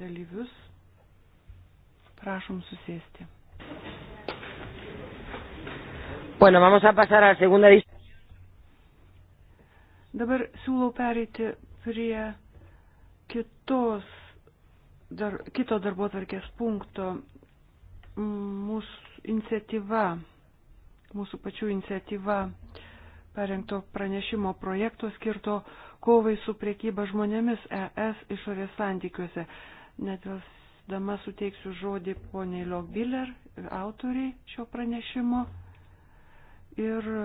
dalyvius. Prašom susėsti. Bueno, vamos a pasar a segunda Dabar siūlau pereiti prie kitos, dar, kito darbo tvarkės punkto mūsų iniciatyva, mūsų pačių iniciatyva parengto pranešimo projekto skirto kovai su priekyba žmonėmis ES išorės santykiuose nedvelsdama suteiksiu žodį poniai Logbiller, autoriai šio pranešimo. Ir e,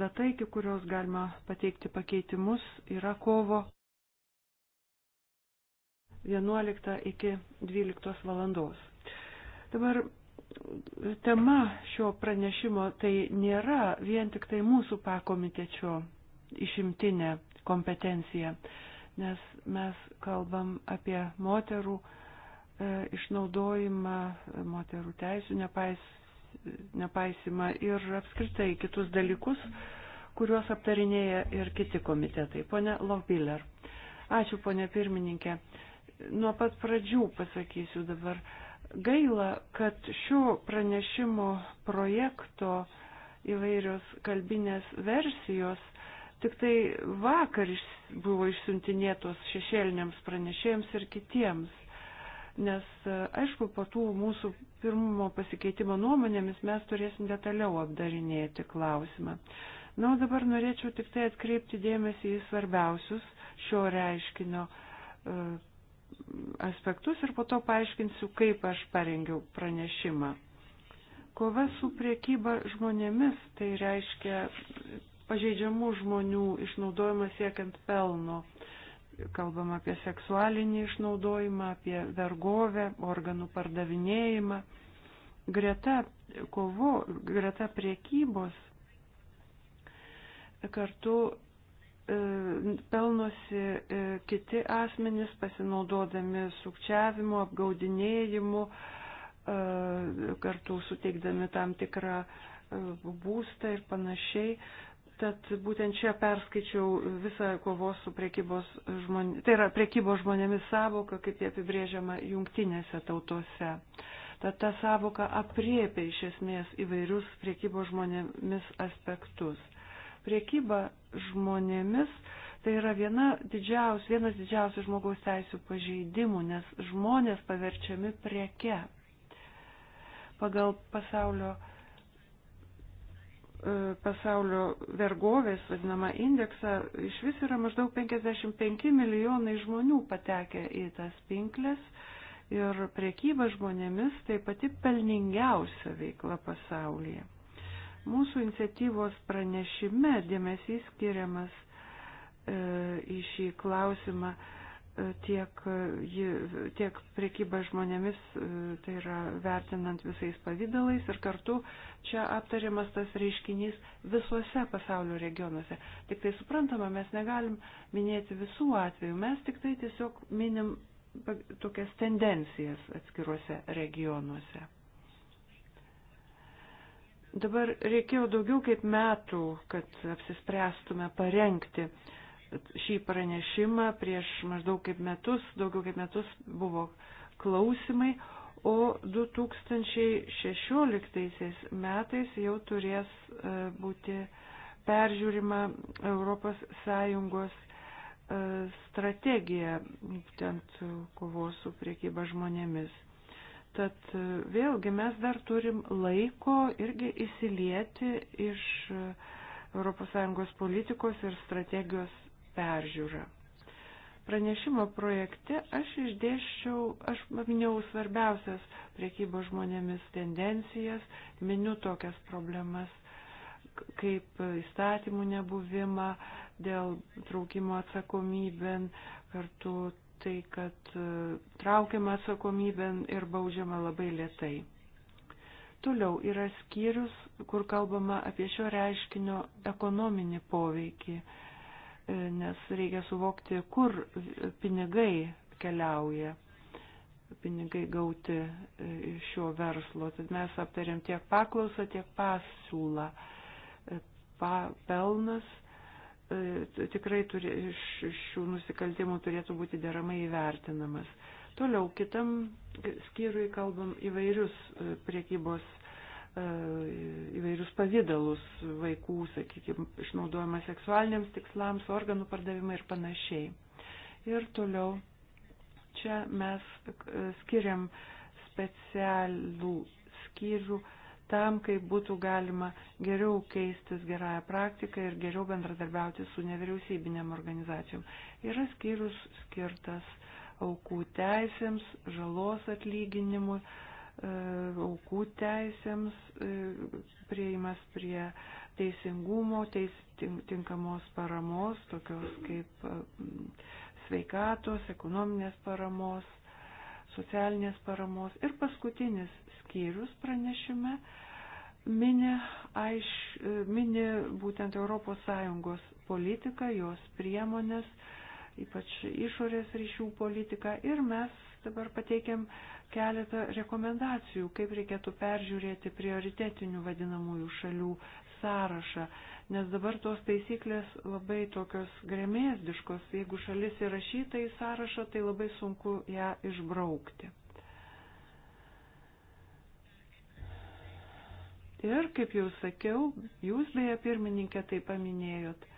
data, iki kurios galima pateikti pakeitimus, yra kovo 11 iki 12 valandos. Dabar e, tema šio pranešimo tai nėra vien tik tai mūsų pakomitečio išimtinė kompetencija nes mes kalbam apie moterų e, išnaudojimą, moterų teisų nepais, nepaisimą ir apskritai kitus dalykus, kuriuos aptarinėja ir kiti komitetai. Pone Lobiler. Ačiū, ponė pirmininkė. Nuo pat pradžių pasakysiu dabar. Gaila, kad šio pranešimo projekto įvairios kalbinės versijos Tik tai vakar buvo išsiuntinėtos šešėliniams pranešėjams ir kitiems. Nes, e, aišku, po tų mūsų pirmo pasikeitimo nuomonėmis mes turėsim detaliau apdarinėti klausimą. Na, o dabar norėčiau tik tai atkreipti dėmesį į svarbiausius šio reiškinio e, aspektus ir po to paaiškinsiu, kaip aš parengiau pranešimą. Kova su priekyba žmonėmis tai reiškia pažeidžiamų žmonių išnaudojimą siekiant pelno. Kalbam apie seksualinį išnaudojimą, apie vergovę, organų pardavinėjimą. Greta kovo, greta priekybos kartu e, pelnosi e, kiti asmenys pasinaudodami sukčiavimu, apgaudinėjimu, e, kartu suteikdami tam tikrą būstą ir panašiai. Tad būtent čia perskaičiau visą kovos su priekybos žmonėmis, tai yra priekybos žmonėmis savoka, kaip jie apibrėžiama jungtinėse tautose. Tad ta savoka apriepia iš esmės įvairius priekybos žmonėmis aspektus. Priekyba žmonėmis tai yra viena didžiaus, vienas didžiausių žmogaus teisų pažeidimų, nes žmonės paverčiami prieke. Pagal pasaulio E, pasaulio vergovės vadinamą indeksą, iš vis yra maždaug 55 milijonai žmonių patekę į tas pinklės ir priekyba žmonėmis tai pati pelningiausia veikla pasaulyje. Mūsų iniciatyvos pranešime dėmesys skiriamas e, į šį klausimą e, tiek, tiek priekyba žmonėmis, e, tai yra vertinant visais pavydalais ir kartu čia aptariamas tas reiškinys visuose pasaulio regionuose. Tik tai suprantama, mes negalim minėti visų atvejų, mes tik tai tiesiog minim tokias tendencijas atskiruose regionuose. Dabar reikėjo daugiau kaip metų, kad apsispręstume parengti uh, šį pranešimą prieš maždaug kaip metus, daugiau kaip metus buvo klausimai, o 2016 metais jau turės e, būti peržiūrima Europos Sąjungos e, strategija būtent kovos su priekyba žmonėmis. Tad e, vėlgi mes dar turim laiko irgi įsilieti iš ES politikos ir strategijos peržiūrą. Pranešimo projekte aš išdėščiau, aš minėjau svarbiausias priekybos žmonėmis tendencijas, miniu tokias problemas kaip įstatymų nebuvimą, dėl traukimo atsakomybėn, kartu tai, kad e, traukiama atsakomybėn ir baudžiama labai lietai. Toliau yra skyrius, kur kalbama apie šio reiškinio ekonominį poveikį nes reikia suvokti, kur pinigai keliauja, pinigai gauti e, iš šio verslo. Tad mes aptarėm tiek paklausą, tiek pasiūlą. E, pa, pelnas e, tikrai turi, iš, iš šių nusikaltimų turėtų būti deramai įvertinamas. Toliau kitam skyriui kalbam įvairius priekybos E, įvairius pavydalus vaikų, sakykime, išnaudojama seksualiniams tikslams, organų pardavimai ir panašiai. Ir toliau čia mes e, skiriam specialų skyrių tam, kaip būtų galima geriau keistis gerąją praktiką ir geriau bendradarbiauti su nevyriausybinėm organizacijom. Yra skyrius skirtas aukų teisėms, žalos atlyginimui, uh, E, aukų teisėms, e, prieimas prie teisingumo, teis, tinkamos paramos, tokios kaip e, sveikatos, ekonominės paramos, socialinės paramos. Ir paskutinis skyrius pranešime mini, aiš, mini būtent ES politiką, jos priemonės, ypač išorės ryšių politiką ir mes dabar pateikėm keletą rekomendacijų, kaip reikėtų peržiūrėti prioritetinių vadinamųjų šalių sąrašą, nes dabar tos taisyklės labai tokios grėmėsdiškos, jeigu šalis įrašyta į sąrašą, tai labai sunku ją išbraukti. Ir, kaip jau sakiau, jūs beje pirmininkė tai paminėjot,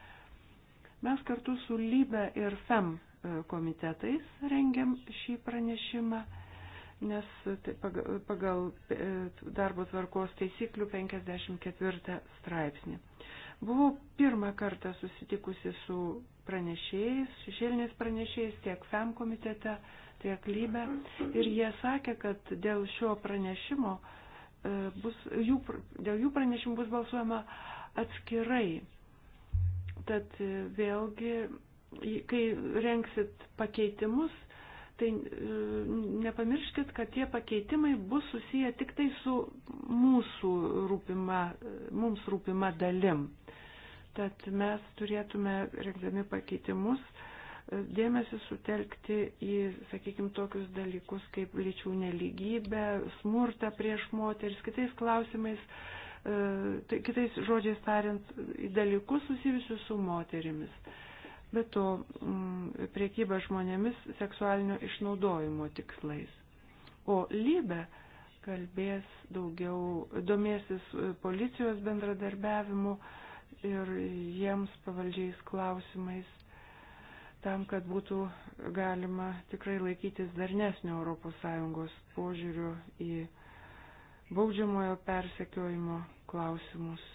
mes kartu su Lybe ir FEM E, komitetais rengiam šį pranešimą, nes tai pagal e, darbo tvarkos taisyklių 54 straipsnį. Buvau pirmą kartą susitikusi su pranešėjais, šešėliniais pranešėjais tiek FEM komitete, tiek Lybe ir jie sakė, kad dėl šio pranešimo e, bus, jų, dėl jų pranešimų bus balsuojama atskirai. Tad vėlgi kai renksit pakeitimus, tai e, nepamirškit, kad tie pakeitimai bus susiję tik tai su mūsų rūpima, e, mums rūpima dalim. Tad mes turėtume, rengdami pakeitimus, e, dėmesį sutelkti į, sakykime, tokius dalykus kaip lyčių neligybė, smurtą prieš moteris, kitais klausimais, tai kitais žodžiais tariant, į dalykus susijusius su moterimis be to mm, priekyba žmonėmis seksualinio išnaudojimo tikslais. O lybė kalbės daugiau, domėsis e, policijos bendradarbiavimu ir jiems pavaldžiais klausimais, tam, kad būtų galima tikrai laikytis darnesnio ES požiūrių į baudžiamojo persekiojimo klausimus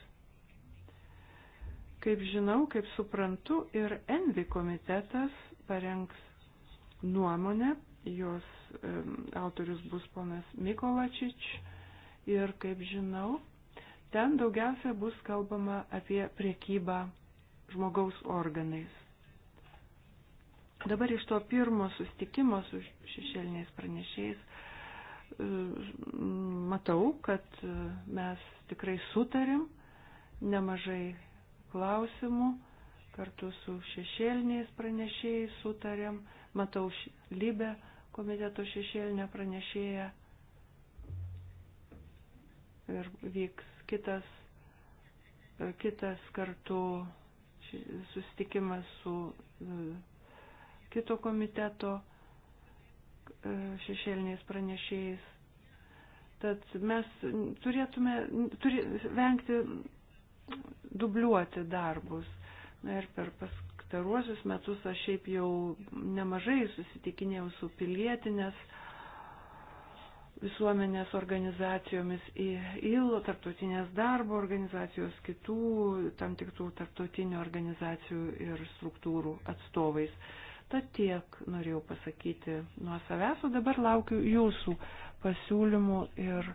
Kaip žinau, kaip suprantu, ir Envi komitetas parengs nuomonę, jos um, autorius bus ponas Mikolačič ir, kaip žinau, ten daugiausia bus kalbama apie priekybą žmogaus organais. Dabar iš to pirmo sustikimo su šešėliniais pranešėjais e, matau, kad e, mes tikrai sutarim, nemažai klausimų, kartu su šešėliniais pranešėjais sutarėm, matau Libę komiteto šešėlinę pranešėją ir vyks kitas, kitas kartu susitikimas su e, kito komiteto e, šešėliniais pranešėjais. Tad mes turėtume turi, vengti dubliuoti darbus. Na ir per pastaruosius metus aš šiaip jau nemažai susitikinėjau su pilietinės visuomenės organizacijomis, ILO, tarptautinės darbo organizacijos, kitų tam tikrų tarptautinių organizacijų ir struktūrų atstovais. Tad tiek norėjau pasakyti nuo savęs, o dabar laukiu jūsų pasiūlymų ir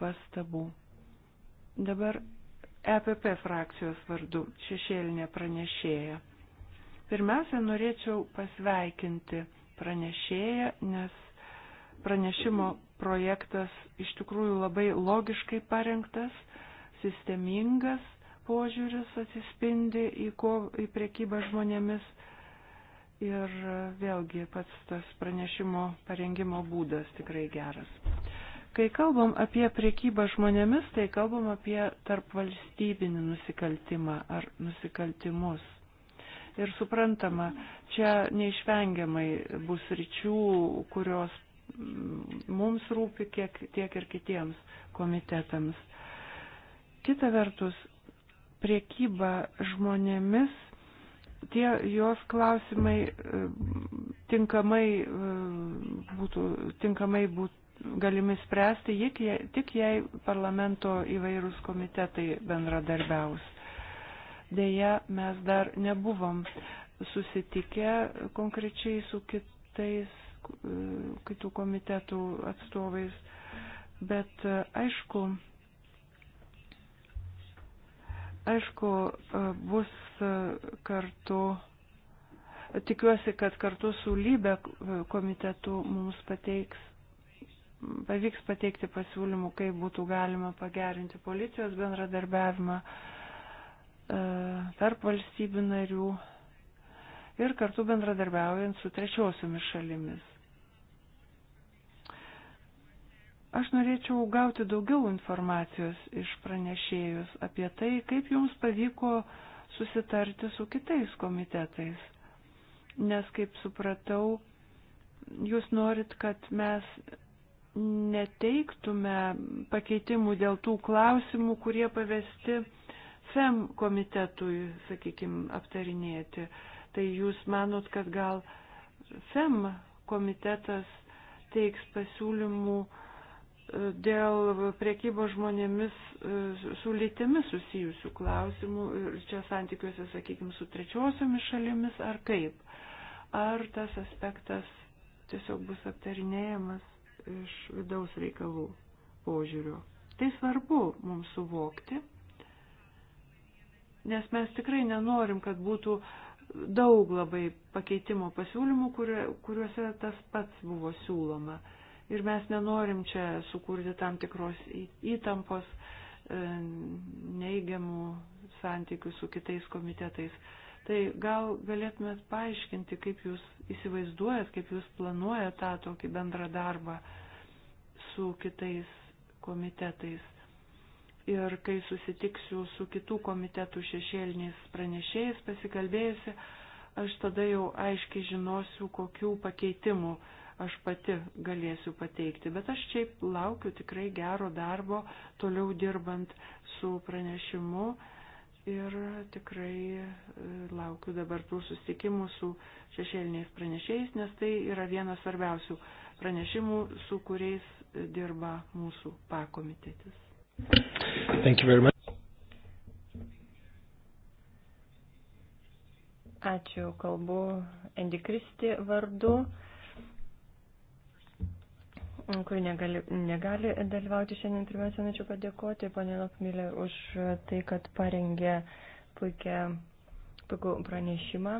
pastabų. Dabar EPP frakcijos vardu šešėlinė pranešėja. Pirmiausia, norėčiau pasveikinti pranešėją, nes pranešimo projektas iš tikrųjų labai logiškai parengtas, sistemingas požiūris atsispindi į, ko, į priekybą žmonėmis ir vėlgi pats tas pranešimo parengimo būdas tikrai geras. Kai kalbam apie priekybą žmonėmis, tai kalbam apie tarpvalstybinį nusikaltimą ar nusikaltimus. Ir suprantama, čia neišvengiamai bus ryčių, kurios mums rūpi kiek, tiek ir kitiems komitetams. Kita vertus, priekyba žmonėmis, tie jos klausimai e, tinkamai e, būtų, tinkamai būtų galimi spręsti tik jei parlamento įvairūs komitetai bendradarbiaus. Deja, mes dar nebuvom susitikę konkrečiai su kitais, e, kitų komitetų atstovais, bet e, aišku, aišku, e, bus kartu tikiuosi, kad kartu su lybe komitetu mums pateiks pavyks pateikti pasiūlymų, kaip būtų galima pagerinti policijos bendradarbiavimą e, tarp valstybių narių ir kartu bendradarbiaujant su trečiosiomis šalimis. Aš norėčiau gauti daugiau informacijos iš pranešėjus apie tai, kaip jums pavyko susitarti su kitais komitetais. Nes, kaip supratau, jūs norit, kad mes neteiktume pakeitimų dėl tų klausimų, kurie pavesti FEM komitetui, sakykime, aptarinėti. Tai jūs manot, kad gal FEM komitetas teiks pasiūlymų e, dėl priekybos žmonėmis e, su lytimis susijusių klausimų ir čia santykiuose, sakykime, su trečiosiomis šalimis ar kaip? Ar tas aspektas tiesiog bus aptarinėjamas? iš vidaus reikalų požiūrio. Tai svarbu mums suvokti, nes mes tikrai nenorim, kad būtų daug labai pakeitimo pasiūlymų, kuriuose tas pats buvo siūloma. Ir mes nenorim čia sukurti tam tikros įtampos, e, neigiamų santykių su kitais komitetais Tai gal galėtumėt paaiškinti, kaip jūs įsivaizduojat, kaip jūs planuojat tą tokį bendrą darbą su kitais komitetais. Ir kai susitiksiu su kitų komitetų šešėliniais pranešėjais pasikalbėjusi, aš tada jau aiškiai žinosiu, kokių pakeitimų aš pati galėsiu pateikti. Bet aš čia laukiu tikrai gero darbo, toliau dirbant su pranešimu ir tikrai e, laukiu dabar tų susitikimų su šešėliniais pranešėjais, nes tai yra vienas svarbiausių pranešimų, su kuriais dirba mūsų pakomitetis. Ačiū, kalbu Endikristi vardu. Mm, kuri negali, negali dalyvauti šiandien. Pirmiausia, norėčiau padėkoti ponė Lokmilė už tai, kad parengė puikia, puikų pranešimą.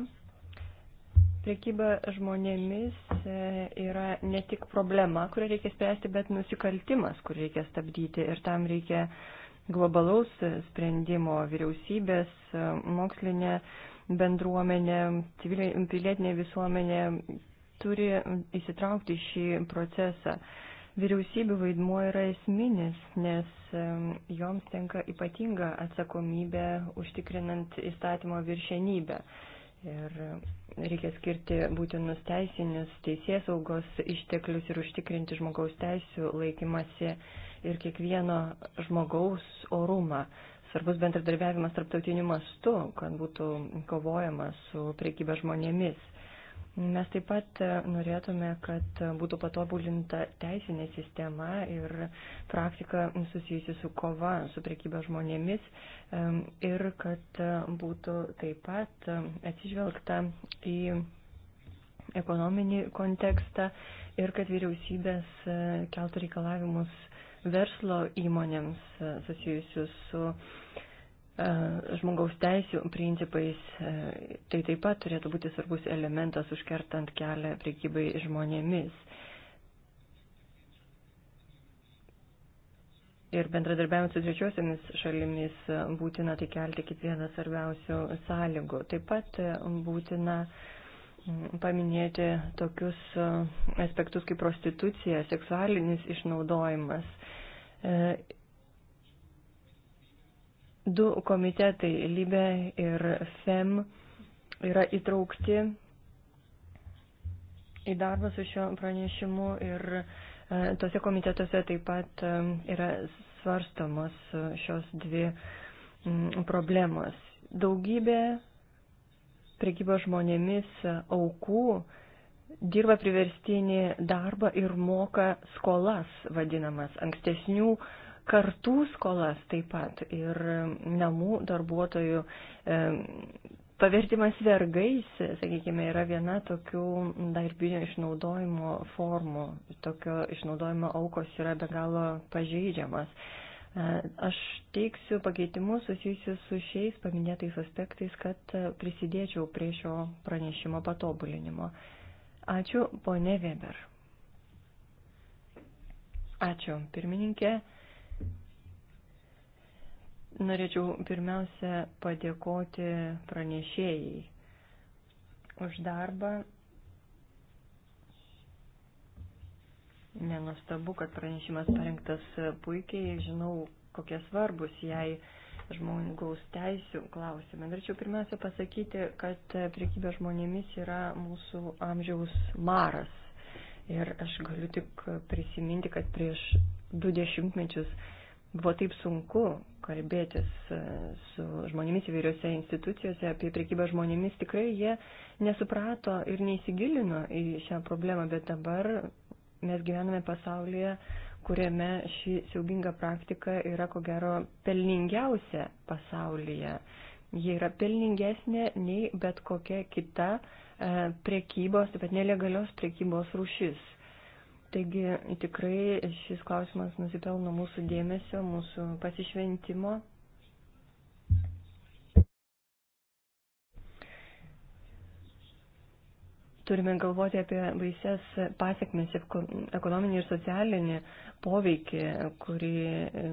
Priekyba žmonėmis e, yra ne tik problema, kurią reikia spręsti, bet nusikaltimas, kurį reikia stabdyti ir tam reikia globalaus sprendimo vyriausybės, e, mokslinė bendruomenė, pilietinė visuomenė turi įsitraukti šį procesą. Vyriausybių vaidmuo yra esminis, nes joms tenka ypatinga atsakomybė užtikrinant įstatymo viršenybę. Ir reikia skirti būtinus teisinius teisės saugos išteklius ir užtikrinti žmogaus teisų laikymasi ir kiekvieno žmogaus orumą. Svarbus bendradarbiavimas tarptautiniu mastu, kad būtų kovojama su priekyba žmonėmis. Mes taip pat e, norėtume, kad e, būtų patobulinta teisinė sistema ir praktika susijusi su kova, su priekyba žmonėmis ir kad e, būtų taip pat atsižvelgta į ekonominį kontekstą ir kad vyriausybės keltų reikalavimus verslo įmonėms susijusius su E, žmogaus teisų principais, e, tai taip pat turėtų būti svarbus elementas užkertant kelią priekybai žmonėmis. Ir bendradarbiavimas su trečiosiamis šalimis būtina tai kelti kaip vieną svarbiausių sąlygų. Taip pat būtina mm, paminėti tokius e, aspektus kaip prostitucija, seksualinis išnaudojimas Du komitetai, Libe ir FEM, yra įtraukti į darbą su šiuo pranešimu ir e, tose komitetuose taip pat e, yra svarstomos e, šios dvi problemos. Daugybė prekybos žmonėmis aukų dirba priverstinį darbą ir moka skolas vadinamas ankstesnių uh, kartų skolas taip pat ir namų darbuotojų e, pavertimas vergais, sakykime, yra viena tokių darbinio išnaudojimo formų. Tokio išnaudojimo aukos yra be galo pažeidžiamas. E, aš teiksiu pakeitimus susijusius su šiais paminėtais aspektais, kad prisidėčiau prie šio pranešimo patobulinimo. Ačiū, ponė Weber. Ačiū, pirmininkė. Norėčiau pirmiausia padėkoti pranešėjai už darbą. Nenustabu, kad pranešimas parengtas puikiai, žinau, kokie svarbus jai žmogaus teisų klausimai. Norėčiau pirmiausia pasakyti, kad priekybė žmonėmis yra mūsų amžiaus maras. Ir aš galiu tik prisiminti, kad prieš du dešimtmečius Buvo taip sunku kalbėtis e, su žmonėmis įvairiose institucijose apie priekybą žmonėmis. Tikrai jie nesuprato ir neįsigilino į šią problemą, bet dabar mes gyvename pasaulyje, kuriame ši siaubinga praktika yra ko gero pelningiausia pasaulyje. Ji yra pelningesnė nei bet kokia kita e, priekybos, taip pat nelegalios priekybos rušis. Taigi tikrai šis klausimas nusipelno mūsų dėmesio, mūsų pasišventimo. Turime galvoti apie baises pasiekmes, ekonominį ir socialinį poveikį, kurį e,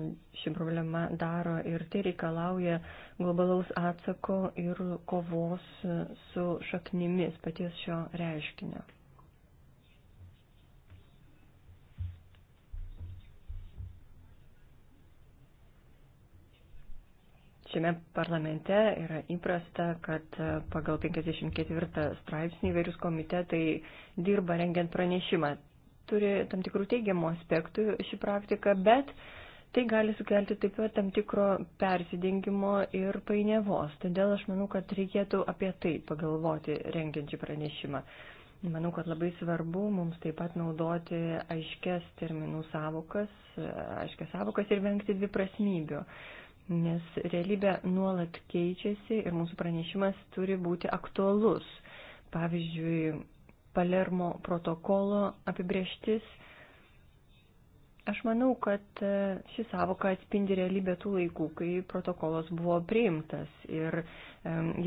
ši problema daro ir tai reikalauja globalaus atsako ir kovos su šaknimis paties šio reiškinio. Šiame parlamente yra įprasta, kad e, pagal 54 straipsnį įvairius komitetai dirba rengiant pranešimą. Turi tam tikrų teigiamų aspektų šį praktiką, bet tai gali sukelti taip pat tam tikro persidengimo ir painiavos. Todėl aš manau, kad reikėtų apie tai pagalvoti rengiant šį pranešimą. Manau, kad labai svarbu mums taip pat naudoti aiškes terminų savokas, e, aiškes savokas ir vengti dviprasmybių. prasmybių nes realybė nuolat keičiasi ir mūsų pranešimas turi būti aktualus. Pavyzdžiui, Palermo protokolo apibrieštis. Aš manau, kad e, ši savoka atspindi realybę tų laikų, kai protokolas buvo priimtas ir e,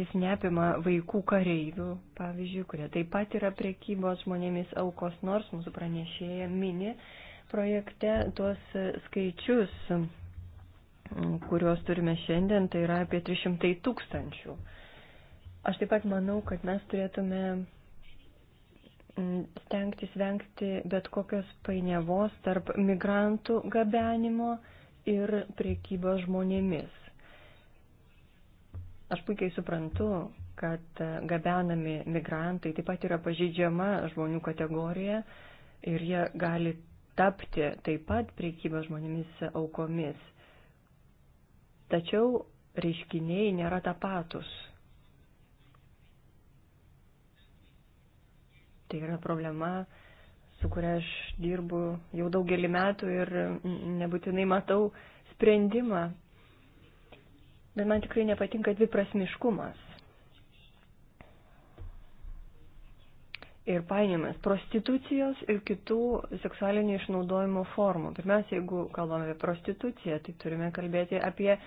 jis neapima vaikų kareivių, pavyzdžiui, kurie taip pat yra priekybos žmonėmis aukos, nors mūsų pranešėja mini projekte tuos e, skaičius kuriuos turime šiandien, tai yra apie 300 tūkstančių. Aš taip pat manau, kad mes turėtume mm, stengtis vengti bet kokios painiavos tarp migrantų gabenimo ir priekybos žmonėmis. Aš puikiai suprantu, kad gabenami migrantai taip pat yra pažydžiama žmonių kategorija ir jie gali tapti taip pat priekybos žmonėmis aukomis. Tačiau reiškiniai nėra tapatus. Tai yra problema, su kuria aš dirbu jau daugelį metų ir nebūtinai matau sprendimą. Bet man tikrai nepatinka dviprasmiškumas. ir painiamas prostitucijos ir kitų seksualinio išnaudojimo formų. Pirmiausia, jeigu kalbame apie prostituciją, tai turime kalbėti apie e,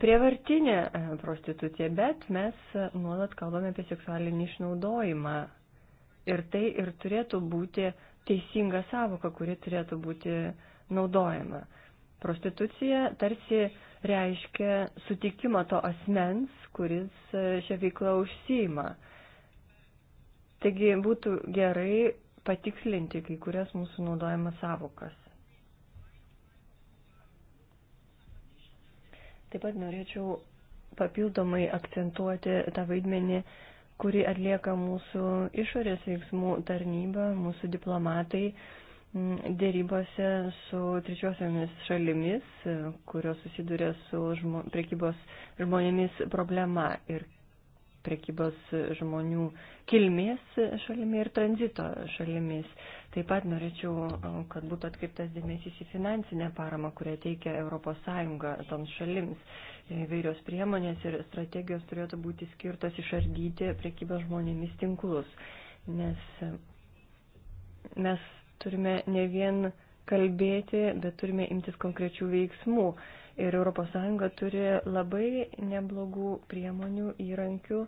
prievartinę e, prostituciją, bet mes e, nuolat kalbame apie seksualinį išnaudojimą. Ir tai ir turėtų būti teisinga savoka, kuri turėtų būti naudojama. Prostitucija tarsi reiškia sutikimą to asmens, kuris šią veiklą užsima. Taigi būtų gerai patikslinti kai kurias mūsų naudojamas savokas. Taip pat norėčiau papildomai akcentuoti tą vaidmenį, kurį atlieka mūsų išorės veiksmų tarnyba, mūsų diplomatai mm, dėrybose su trečiosiomis šalimis, kurios susiduria su žmo, prekybos žmonėmis problema ir prekybos žmonių kilmės šalimi ir tranzito šalimis. Taip pat norėčiau, kad būtų atkreiptas dėmesys į finansinę paramą, kurią teikia ES toms šalims. Įvairios priemonės ir strategijos turėtų būti skirtos išardyti prekybos žmonėmis tinklus, nes mes turime ne vien kalbėti, bet turime imtis konkrečių veiksmų. Ir ES turi labai neblogų priemonių, įrankių,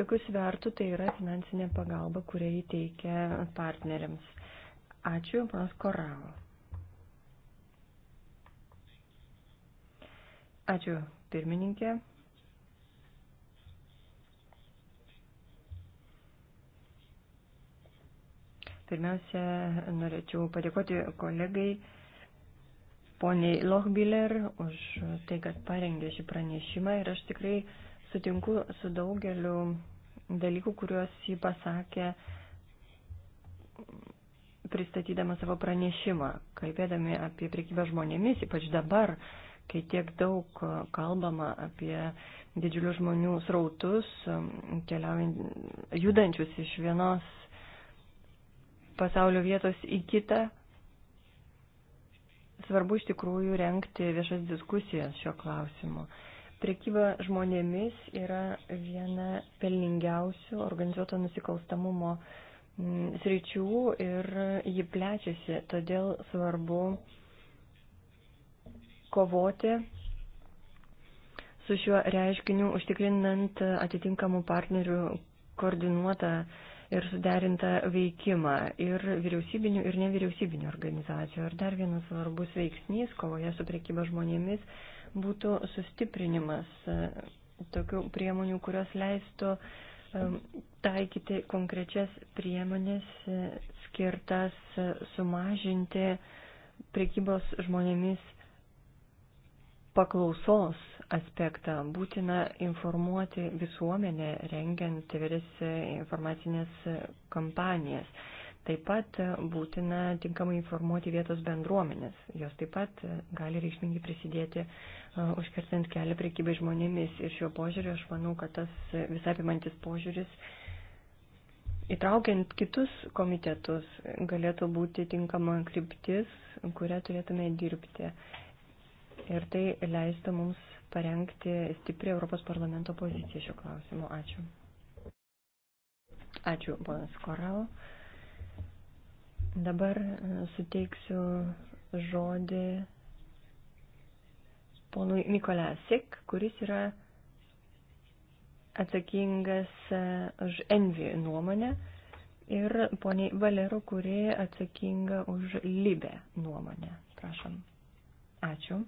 tokius vertų, tai yra finansinė pagalba, kurią jį teikia partneriams. Ačiū, panas Koravo. Ačiū, pirmininkė. Pirmiausia, norėčiau padėkoti kolegai poniai Lochbiller už tai, kad parengė šį pranešimą ir aš tikrai sutinku su daugeliu dalykų, kuriuos jį pasakė pristatydama savo pranešimą, kalbėdami apie priekybę žmonėmis, ypač dabar, kai tiek daug kalbama apie didžiulius žmonių srautus, keliaujant judančius iš vienos pasaulio vietos į kitą, svarbu iš tikrųjų renkti viešas diskusijas šio klausimu. Prekyba žmonėmis yra viena pelningiausių organizuoto nusikalstamumo mm, sričių ir ji plečiasi, todėl svarbu kovoti su šiuo reiškiniu, užtikrinant atitinkamų partnerių koordinuotą uh, ir suderintą veikimą ir vyriausybinių ir nevyriausybinių organizacijų. Ir dar vienas svarbus veiksnys kovoje su priekyba žmonėmis būtų sustiprinimas e, tokių priemonių, kurios leistų e, taikyti konkrečias priemonės e, skirtas sumažinti priekybos žmonėmis paklausos aspektą. Būtina informuoti visuomenę, rengiant įvairias informacinės kampanijas. Taip pat būtina tinkamai informuoti vietos bendruomenės. Jos taip pat gali reikšmingai prisidėti uh, užkertant kelią priekybai žmonėmis. Ir šiuo požiūriu aš manau, kad tas visapimantis požiūris, įtraukiant kitus komitetus, galėtų būti tinkama kryptis, kurią turėtume dirbti. Uh, ir tai leistų mums parengti stiprią Europos parlamento poziciją šiuo klausimu. Ačiū. Ačiū, ponas Koralo. Dabar e, suteiksiu žodį ponui Mikolasik, kuris yra atsakingas e, už Envi nuomonę ir poniai Valero, kuri atsakinga už Libę nuomonę. Prašom. Ačiū.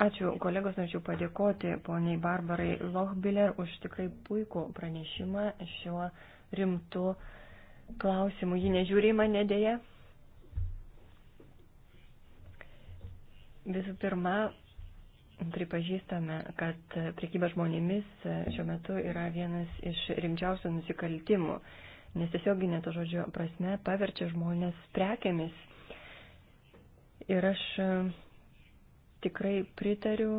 Ačiū, kolegos, norėčiau padėkoti poniai Barbarai Lochbiller už tikrai puikų pranešimą šiuo rimtu klausimu. Ji nežiūri į mane dėje. Visų pirma, pripažįstame, kad priekyba žmonėmis šiuo metu yra vienas iš rimčiausių nusikaltimų, nes tiesioginė to žodžio prasme paverčia žmonės prekiamis. Ir aš tikrai pritariu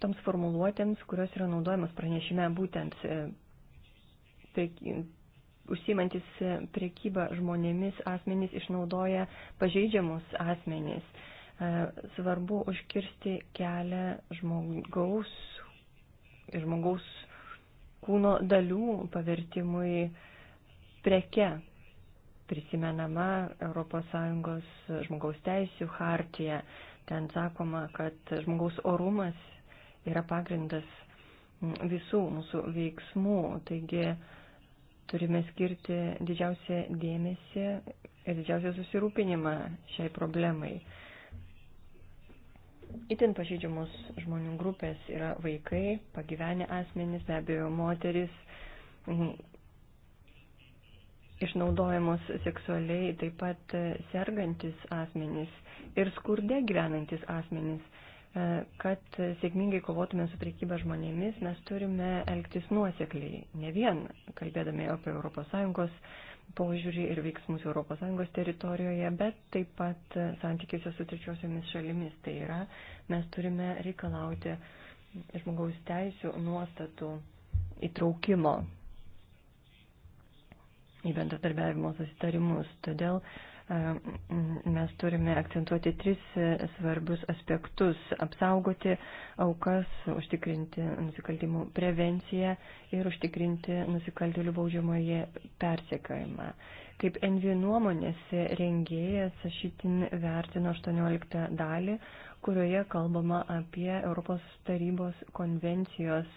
toms formuluotėms, kurios yra naudojamas pranešime būtent e, užsimantis e, priekybą žmonėmis asmenys išnaudoja pažeidžiamus asmenys. E, svarbu užkirsti kelią žmogaus ir žmogaus kūno dalių pavertimui preke. Prisimenama ES žmogaus teisų hartija. Ten sakoma, kad žmogaus orumas yra pagrindas visų mūsų veiksmų, taigi turime skirti didžiausią dėmesį ir didžiausią susirūpinimą šiai problemai. Itin pažydžiamos žmonių grupės yra vaikai, pagyvenę asmenys, be abejo, moteris, išnaudojamos seksualiai taip pat e, sergantis asmenys ir skurde gyvenantis asmenys. E, kad e, sėkmingai kovotume su priekyba žmonėmis, mes turime elgtis nuosekliai, ne vien kalbėdami apie ES požiūrį ir veiksmus ES teritorijoje, bet taip pat santykiuose su trečiosiomis šalimis. Tai yra, mes turime reikalauti žmogaus teisų nuostatų įtraukimo į bendradarbiavimo susitarimus. Todėl e, mes turime akcentuoti tris e, svarbius aspektus - apsaugoti aukas, užtikrinti nusikaltimų prevenciją ir užtikrinti nusikaltėlių baudžiamoje persekojimą. Kaip Envi nuomonės rengėjas, aš itin vertinu 18 dalį, kurioje kalbama apie Europos tarybos konvencijos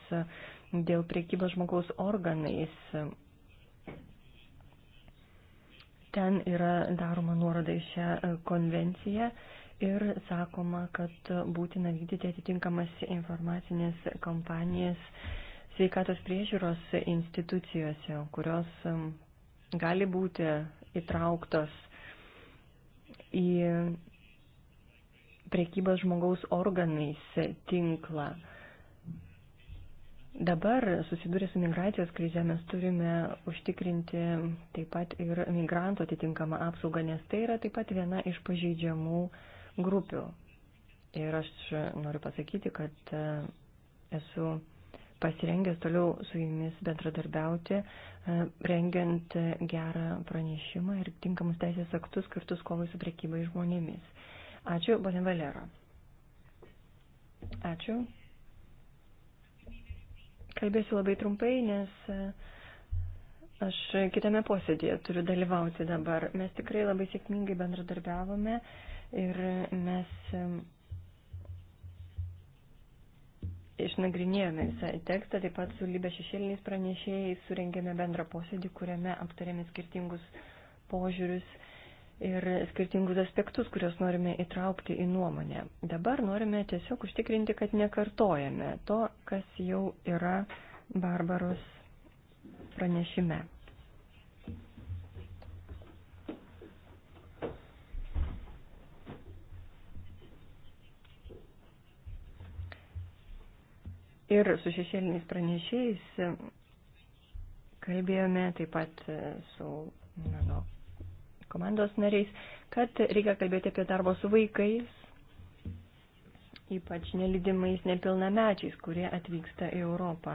dėl priekybos žmogaus organais Ten yra daroma nuoroda į šią e, konvenciją ir sakoma, kad būtina vykdyti atitinkamas informacinės kompanijas sveikatos priežiūros institucijose, kurios gali būti įtrauktos į prekybos žmogaus organais tinklą. Dabar susidūrė su migracijos krize, mes turime užtikrinti taip pat ir migrantų atitinkamą apsaugą, nes tai yra taip pat viena iš pažeidžiamų grupių. Ir aš noriu pasakyti, kad e, esu pasirengęs toliau su jumis bendradarbiauti, e, rengiant gerą pranešimą ir tinkamus teisės aktus skirtus kovai su priekybai žmonėmis. Ačiū, Bonė Valero. Ačiū. Kalbėsiu labai trumpai, nes e, aš kitame posėdėje turiu dalyvauti dabar. Mes tikrai labai sėkmingai bendradarbiavome ir mes e, išnagrinėjome visą tekstą, taip pat su Libė šešėliniais pranešėjais surengėme bendrą posėdį, kuriame aptarėme skirtingus požiūrius ir skirtingus aspektus, kuriuos norime įtraukti į nuomonę. Dabar norime tiesiog užtikrinti, kad nekartojame to, kas jau yra Barbaros pranešime. Ir su šešėliniais pranešėjais kalbėjome taip pat su mano komandos nariais, kad reikia kalbėti apie darbo su vaikais, ypač nelydimais nepilnamečiais, kurie atvyksta į Europą.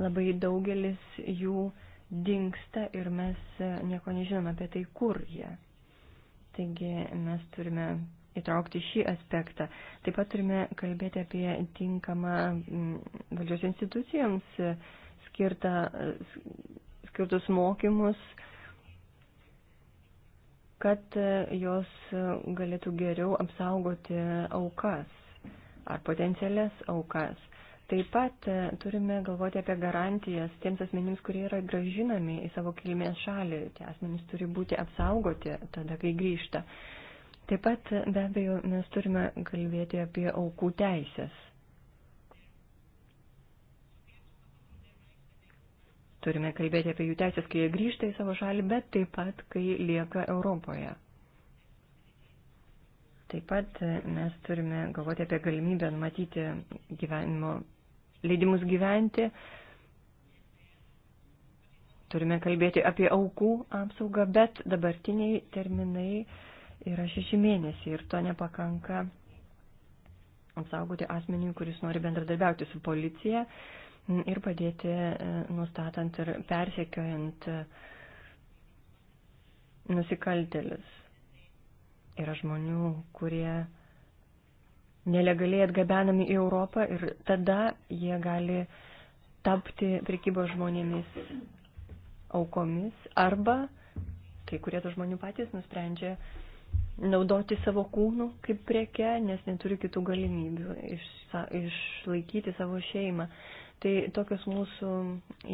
Labai daugelis jų dinksta ir mes e, nieko nežinome apie tai, kur jie. Taigi mes turime įtraukti šį aspektą. Taip pat turime kalbėti apie tinkamą valdžios institucijoms e, skirtą, e, skirtus mokymus kad e, jos e, galėtų geriau apsaugoti aukas ar potencialias aukas. Taip pat e, turime galvoti apie garantijas tiems asmenims, kurie yra gražinami į savo kilmės šalį. Tie asmenys turi būti apsaugoti tada, kai grįžta. Taip pat be abejo mes turime kalbėti apie aukų teisės. Turime kalbėti apie jų teisės, kai jie grįžta į savo šalį, bet taip pat, kai lieka Europoje. Taip pat e, mes turime galvoti apie galimybę numatyti gyvenimo leidimus gyventi. Turime kalbėti apie aukų apsaugą, bet dabartiniai terminai yra šeši mėnesiai ir to nepakanka apsaugoti asmenį, kuris nori bendradarbiauti su policija ir padėti e, nustatant ir persekiojant e, nusikaltelius. Yra žmonių, kurie nelegaliai atgabenami į Europą ir tada jie gali tapti prekybos žmonėmis aukomis arba kai kurie tų žmonių patys nusprendžia naudoti savo kūnų kaip prieke, nes neturi kitų galimybių išlaikyti savo šeimą. Tai tokios mūsų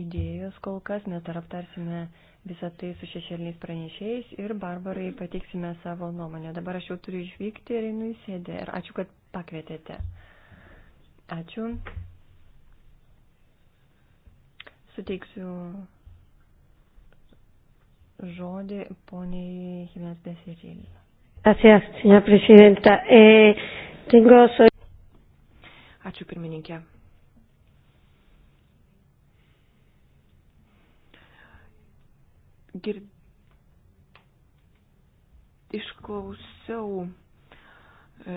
idėjos kol kas, mes dar aptarsime visą tai su šešėliniais pranešėjais ir Barbarai pateiksime savo nuomonę. Dabar aš jau turiu išvykti ir einu į sėdę. Ir ačiū, kad pakvietėte. Ačiū. Suteiksiu žodį poniai Jimenez Beseril. Gracias, señora presidenta. Eh, tengo... Ačiū, pirmininkė. gir... išklausiau e,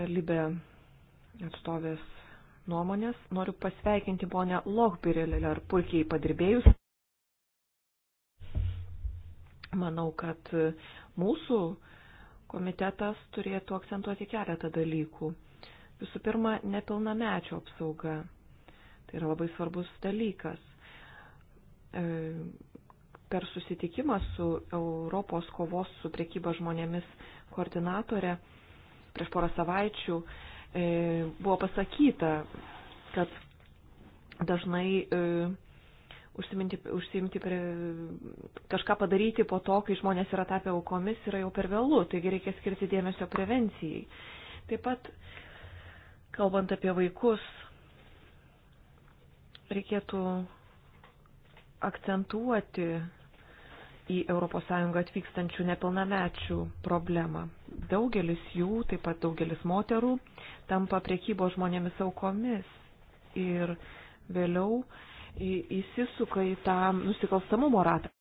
Libė atstovės nuomonės. Noriu pasveikinti ponę Lochbirėlę ar puikiai padirbėjus. Manau, kad mūsų komitetas turėtų akcentuoti keletą dalykų. Visų pirma, nepilnamečio apsauga. Tai yra labai svarbus dalykas. E, per susitikimą su Europos kovos su priekyba žmonėmis koordinatorė prieš porą savaičių e, buvo pasakyta, kad dažnai e, užsiminti, užsiimti prie, kažką padaryti po to, kai žmonės yra tapę aukomis, yra jau per vėlų, taigi reikia skirti dėmesio prevencijai. Taip pat, kalbant apie vaikus, reikėtų akcentuoti į ES atvykstančių nepilnamečių problemą. Daugelis jų, taip pat daugelis moterų, tampa priekybo žmonėmis aukomis ir vėliau įsisuka į tą nusikalstamumo ratą.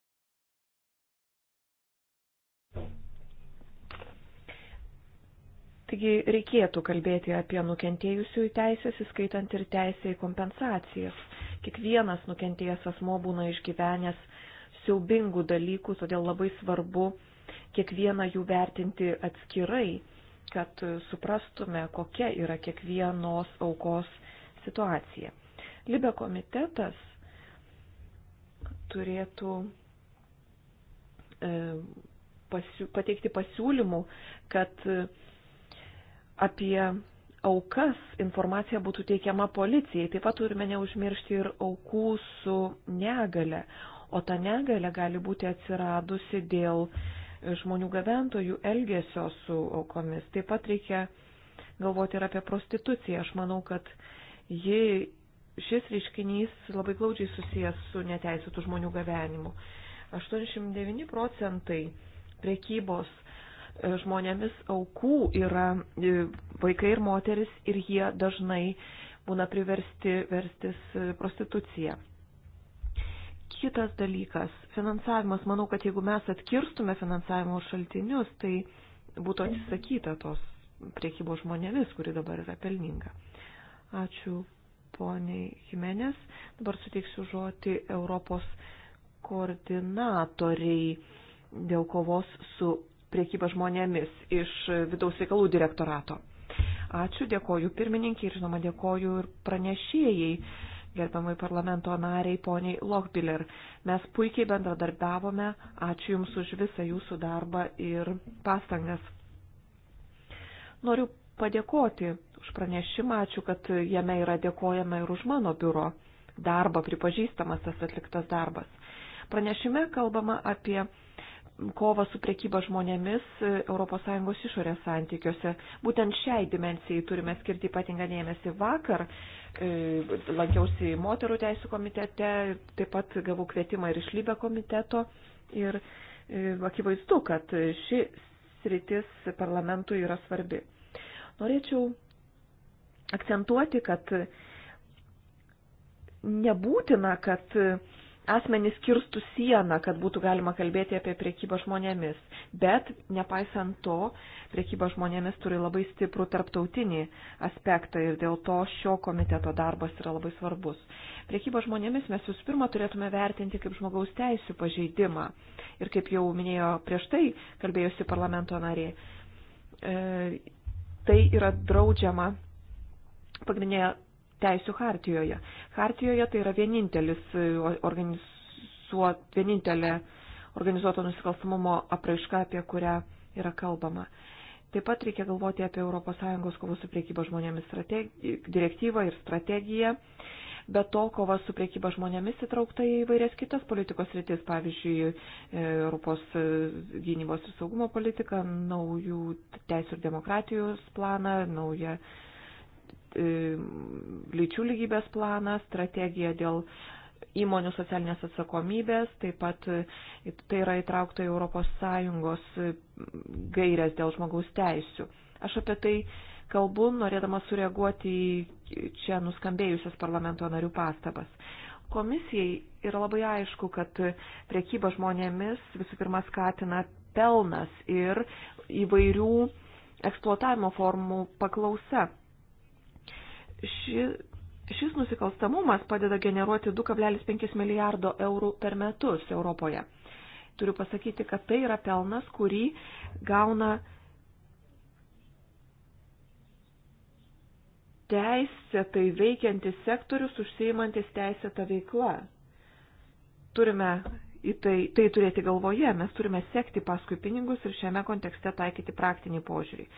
Taigi reikėtų kalbėti apie nukentėjusiųjų teisės, įskaitant ir teisę į kompensacijas. Kiekvienas nukentėjęs asmo būna išgyvenęs siaubingų dalykų, todėl labai svarbu kiekvieną jų vertinti atskirai, kad suprastume, kokia yra kiekvienos aukos situacija. Libe komitetas turėtų e, pasiū, pateikti pasiūlymų, kad apie aukas informacija būtų teikiama policijai. Taip pat turime neužmiršti ir aukų su negale. O ta negalė gali būti atsiradusi dėl žmonių gaventojų elgesio su aukomis. Taip pat reikia galvoti ir apie prostituciją. Aš manau, kad ji, šis reiškinys labai glaudžiai susijęs su neteisėtų žmonių gavenimu. 89 procentai prekybos e, žmonėmis aukų yra e, vaikai ir moteris ir jie dažnai būna priversti verstis e, prostituciją. Kitas dalykas - finansavimas. Manau, kad jeigu mes atkirstume finansavimo šaltinius, tai būtų atsisakyta tos priekybos žmonėmis, kuri dabar yra pelninga. Ačiū poniai Jimenės. Dabar suteiksiu žodį Europos koordinatoriai dėl kovos su priekyba žmonėmis iš vidaus reikalų direktorato. Ačiū, dėkoju pirmininkiai ir žinoma dėkoju ir pranešėjai gerbamai parlamento nariai poniai Lochbiller. Mes puikiai bendradarbiavome, ačiū Jums už visą Jūsų darbą ir pastangas. Noriu padėkoti už pranešimą, ačiū, kad jame yra dėkojama ir už mano biuro darbą, pripažįstamas tas atliktas darbas. Pranešime kalbama apie kovą su priekyba žmonėmis ES išorės santykiuose. Būtent šiai dimencijai turime skirti ypatingą dėmesį. Vakar e, lankiausi moterų teisų komitete, taip pat gavau kvietimą ir iš Lybę komiteto. Ir e, akivaizdu, kad ši sritis parlamentui yra svarbi. Norėčiau akcentuoti, kad nebūtina, kad asmenys kirstų sieną, kad būtų galima kalbėti apie priekybą žmonėmis. Bet, nepaisant to, priekyba žmonėmis turi labai stiprų tarptautinį aspektą ir dėl to šio komiteto darbas yra labai svarbus. Priekybą žmonėmis mes visų pirma turėtume vertinti kaip žmogaus teisų pažeidimą. Ir kaip jau minėjo prieš tai kalbėjusi parlamento narė, e, tai yra draudžiama pagrindinėje teisų hartijoje. Hartijoje tai yra vienintelis e, organizuot, vienintelė organizuoto nusikalstamumo apraiška, apie kurią yra kalbama. Taip pat reikia galvoti apie ES kovos su priekyba žmonėmis direktyvą ir strategiją. Be to, kova su priekyba žmonėmis įtraukta į vairias kitas politikos rytis, pavyzdžiui, e, Europos e, gynybos ir saugumo politiką, naujų teisų ir demokratijos planą, naują E, lyčių lygybės planą, strategiją dėl įmonių socialinės atsakomybės, taip pat e, tai yra įtraukta į ES e, gairias dėl žmogaus teisių. Aš apie tai kalbu, norėdama sureaguoti į čia nuskambėjusias parlamento narių pastabas. Komisijai yra labai aišku, kad priekyba žmonėmis visų pirma skatina pelnas ir įvairių eksploatavimo formų paklausa. Ši, šis nusikalstamumas padeda generuoti 2,5 milijardo eurų per metus Europoje. Turiu pasakyti, kad tai yra pelnas, kurį gauna teisėtai veikiantis sektorius užsiimantis teisėtą veiklą. Turime į tai, tai turėti galvoje, mes turime sekti paskui pinigus ir šiame kontekste taikyti praktinį požiūrį.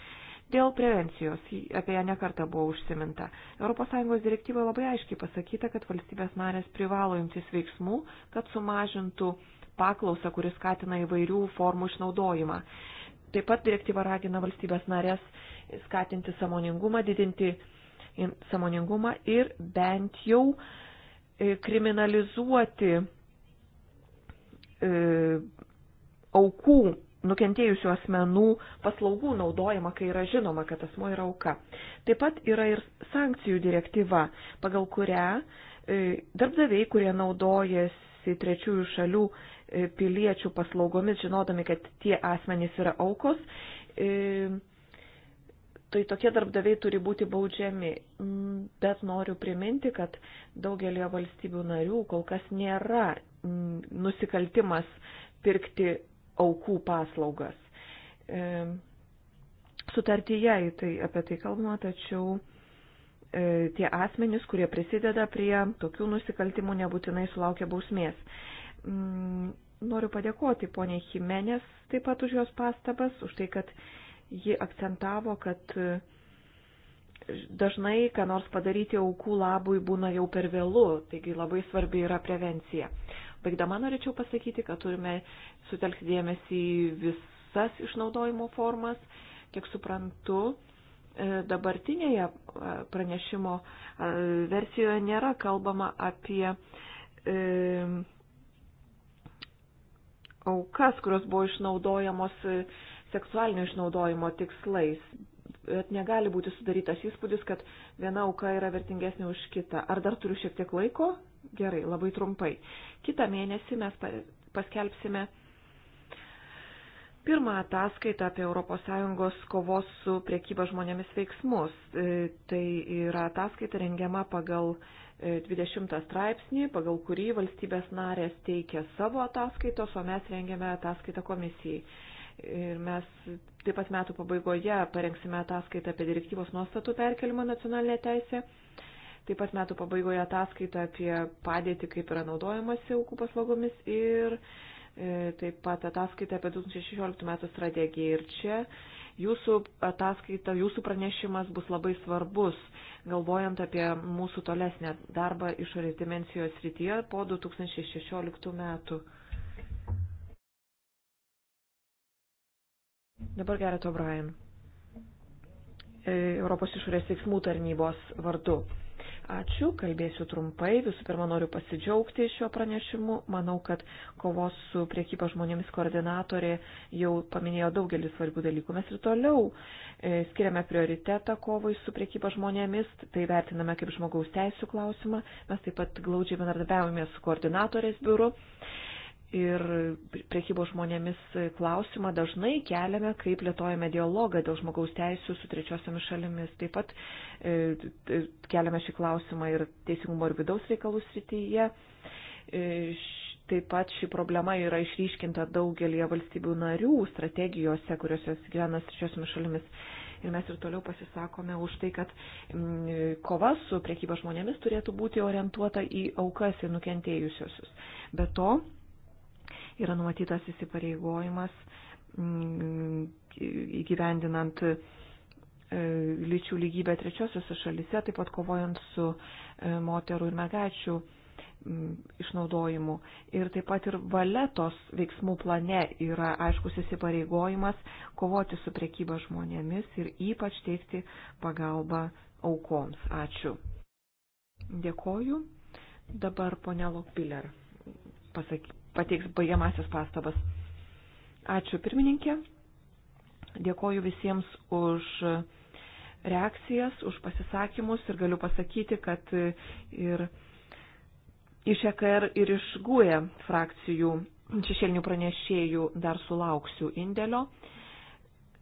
Dėl prevencijos, apie ją nekarta buvo užsiminta. ES direktyvoje labai aiškiai pasakyta, kad valstybės narės privalo imtis veiksmų, kad sumažintų paklausą, kuris skatina įvairių formų išnaudojimą. Taip pat direktyva ragina valstybės narės skatinti samoningumą, didinti samoningumą ir bent jau e, kriminalizuoti e, aukų nukentėjusių asmenų paslaugų naudojama, kai yra žinoma, kad asmo yra auka. Taip pat yra ir sankcijų direktyva, pagal kurią e, darbdaviai, kurie naudojasi trečiųjų šalių e, piliečių paslaugomis, žinodami, kad tie asmenys yra aukos, e, tai tokie darbdaviai turi būti baudžiami. Mm, bet noriu priminti, kad daugelio valstybių narių kol kas nėra mm, nusikaltimas pirkti aukų paslaugas. E, sutartyje tai, apie tai kalbama, tačiau e, tie asmenys, kurie prisideda prie tokių nusikaltimų, nebūtinai sulaukia bausmės. Mm, noriu padėkoti poniai Jimenės taip pat už jos pastabas, už tai, kad ji akcentavo, kad e, dažnai, ką nors padaryti aukų labui būna jau per vėlų, taigi labai svarbi yra prevencija. Baigdama norėčiau pasakyti, kad turime sutelkti dėmesį į visas išnaudojimo formas. Kiek suprantu, e, dabartinėje e, pranešimo e, versijoje nėra kalbama apie aukas, kurios buvo išnaudojamos seksualinio išnaudojimo tikslais, bet negali būti sudarytas įspūdis, kad viena auka yra vertingesnė už kitą. Ar dar turiu šiek tiek laiko? Gerai, labai trumpai. Kita mėnesį mes paskelbsime pirmą ataskaitą apie ES kovos su priekyba žmonėmis veiksmus. E, tai yra ataskaita rengiama pagal 20 e, straipsnį, pagal kurį valstybės narės teikia savo ataskaitos, o mes rengiame ataskaitą komisijai. Ir mes Taip pat metų pabaigoje parengsime ataskaitą apie direktyvos nuostatų perkelimą nacionalinę teisę. Taip pat metų pabaigoje ataskaitą apie padėtį, kaip yra naudojamasi aukų paslaugomis ir e, taip pat ataskaitą apie 2016 metų strategiją. Ir čia jūsų ataskaita, jūsų pranešimas bus labai svarbus, galvojant apie mūsų tolesnę darbą išorės dimensijos rytyje po 2016 metų. Dabar Gerrit O'Brien, e, Europos išorės veiksmų tarnybos vardu. Ačiū, kalbėsiu trumpai. Visų pirma, noriu pasidžiaugti šiuo pranešimu. Manau, kad kovos su priekyba žmonėmis koordinatorė jau paminėjo daugelį svarbių dalykų. Mes ir toliau e, skiriame prioritetą kovai su priekyba žmonėmis, tai vertiname kaip žmogaus teisų klausimą. Mes taip pat glaudžiai bendradarbiavome su koordinatorės biuru. E, ir priekybos žmonėmis klausimą dažnai keliame, kaip lietojame dialogą dėl žmogaus teisų su trečiosiomis šalimis. Taip pat e, keliame šį klausimą ir teisingumo ir vidaus reikalų srityje. E, taip pat ši problema yra išryškinta daugelie valstybių narių strategijose, kuriuose gyvena trečiosiomis šalimis. Ir mes ir toliau pasisakome už tai, kad kova su priekyba žmonėmis turėtų būti orientuota į aukas ir nukentėjusiosius. Be to, yra numatytas įsipareigojimas mm, įgyvendinant e, lyčių lygybę trečiosiuose šalise, taip pat kovojant su e, moterų ir mergaičių mm, išnaudojimu. Ir taip pat ir valetos veiksmų plane yra aiškus įsipareigojimas kovoti su priekyba žmonėmis ir ypač teikti pagalbą aukoms. Ačiū. Dėkoju. Dabar ponia Lokpiller pasaky, pateiks baigiamasis pastabas. Ačiū pirmininkė. Dėkoju visiems už reakcijas, už pasisakymus ir galiu pasakyti, kad ir iš EKR ir iš GUE frakcijų šešėlinių pranešėjų dar sulauksiu indėlio.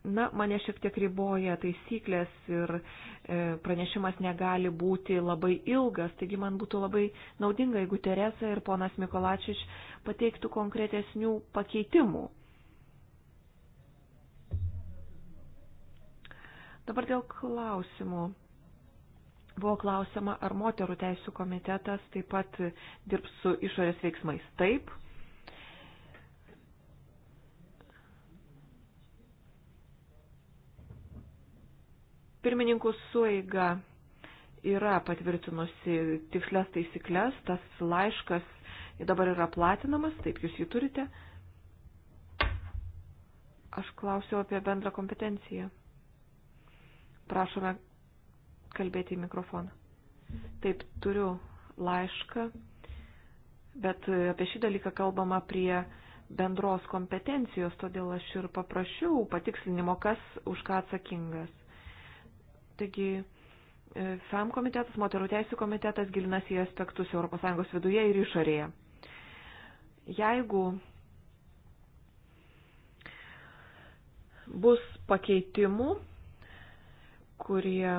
Na, mane šiek tiek riboja taisyklės ir e, pranešimas negali būti labai ilgas, taigi man būtų labai naudinga, jeigu Teresa ir ponas Mikolačiš pateiktų konkretesnių pakeitimų. Dabar dėl klausimų. Buvo klausima, ar moterų teisų komitetas taip pat dirbs su išorės veiksmais. Taip, Pirmininkų suiga yra patvirtinusi tikslias taisyklės, tas laiškas dabar yra platinamas, taip jūs jį turite. Aš klausiau apie bendrą kompetenciją. Prašome kalbėti į mikrofoną. Taip, turiu laišką, bet apie šį dalyką kalbama prie bendros kompetencijos, todėl aš ir paprašiau patikslinimo, kas už ką atsakingas. Taigi e, FEM komitetas, moterų teisų komitetas gilinasi į aspektus ES viduje ir išorėje. Jeigu bus pakeitimų, kurie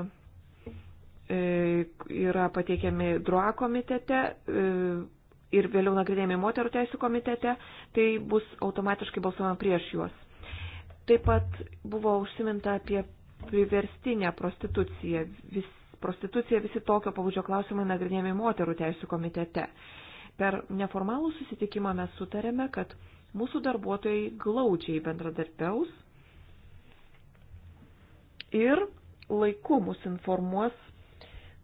e, yra pateikiami DROA komitete e, ir vėliau nagrinėjami moterų teisų komitete, tai bus automatiškai balsuojama prieš juos. Taip pat buvo užsiminta apie priverstinę prostituciją. Vis, prostitucija visi tokio pabudžio klausimai nagrinėjami moterų teisų komitete. Per neformalų susitikimą mes sutarėme, kad mūsų darbuotojai glaudžiai bendradarbiaus ir laiku mus informuos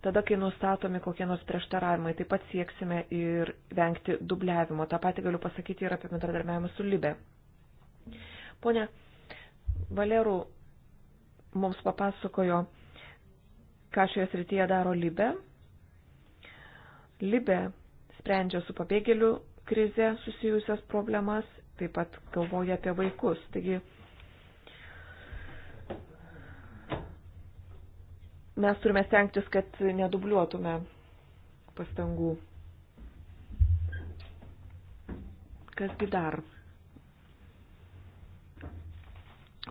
tada, kai nustatomi kokie nors prieštaravimai. Taip pat sieksime ir vengti dubliavimo. Ta pati galiu pasakyti ir apie bendradarbiavimą su Libe. Pone Valerų, mums papasakojo, ką šioje srityje daro Libe. Libe sprendžia su pabėgėlių krize susijusias problemas, taip pat galvoja apie vaikus. Taigi mes turime stengtis, kad nedubliuotume pastangų. Kasgi dar?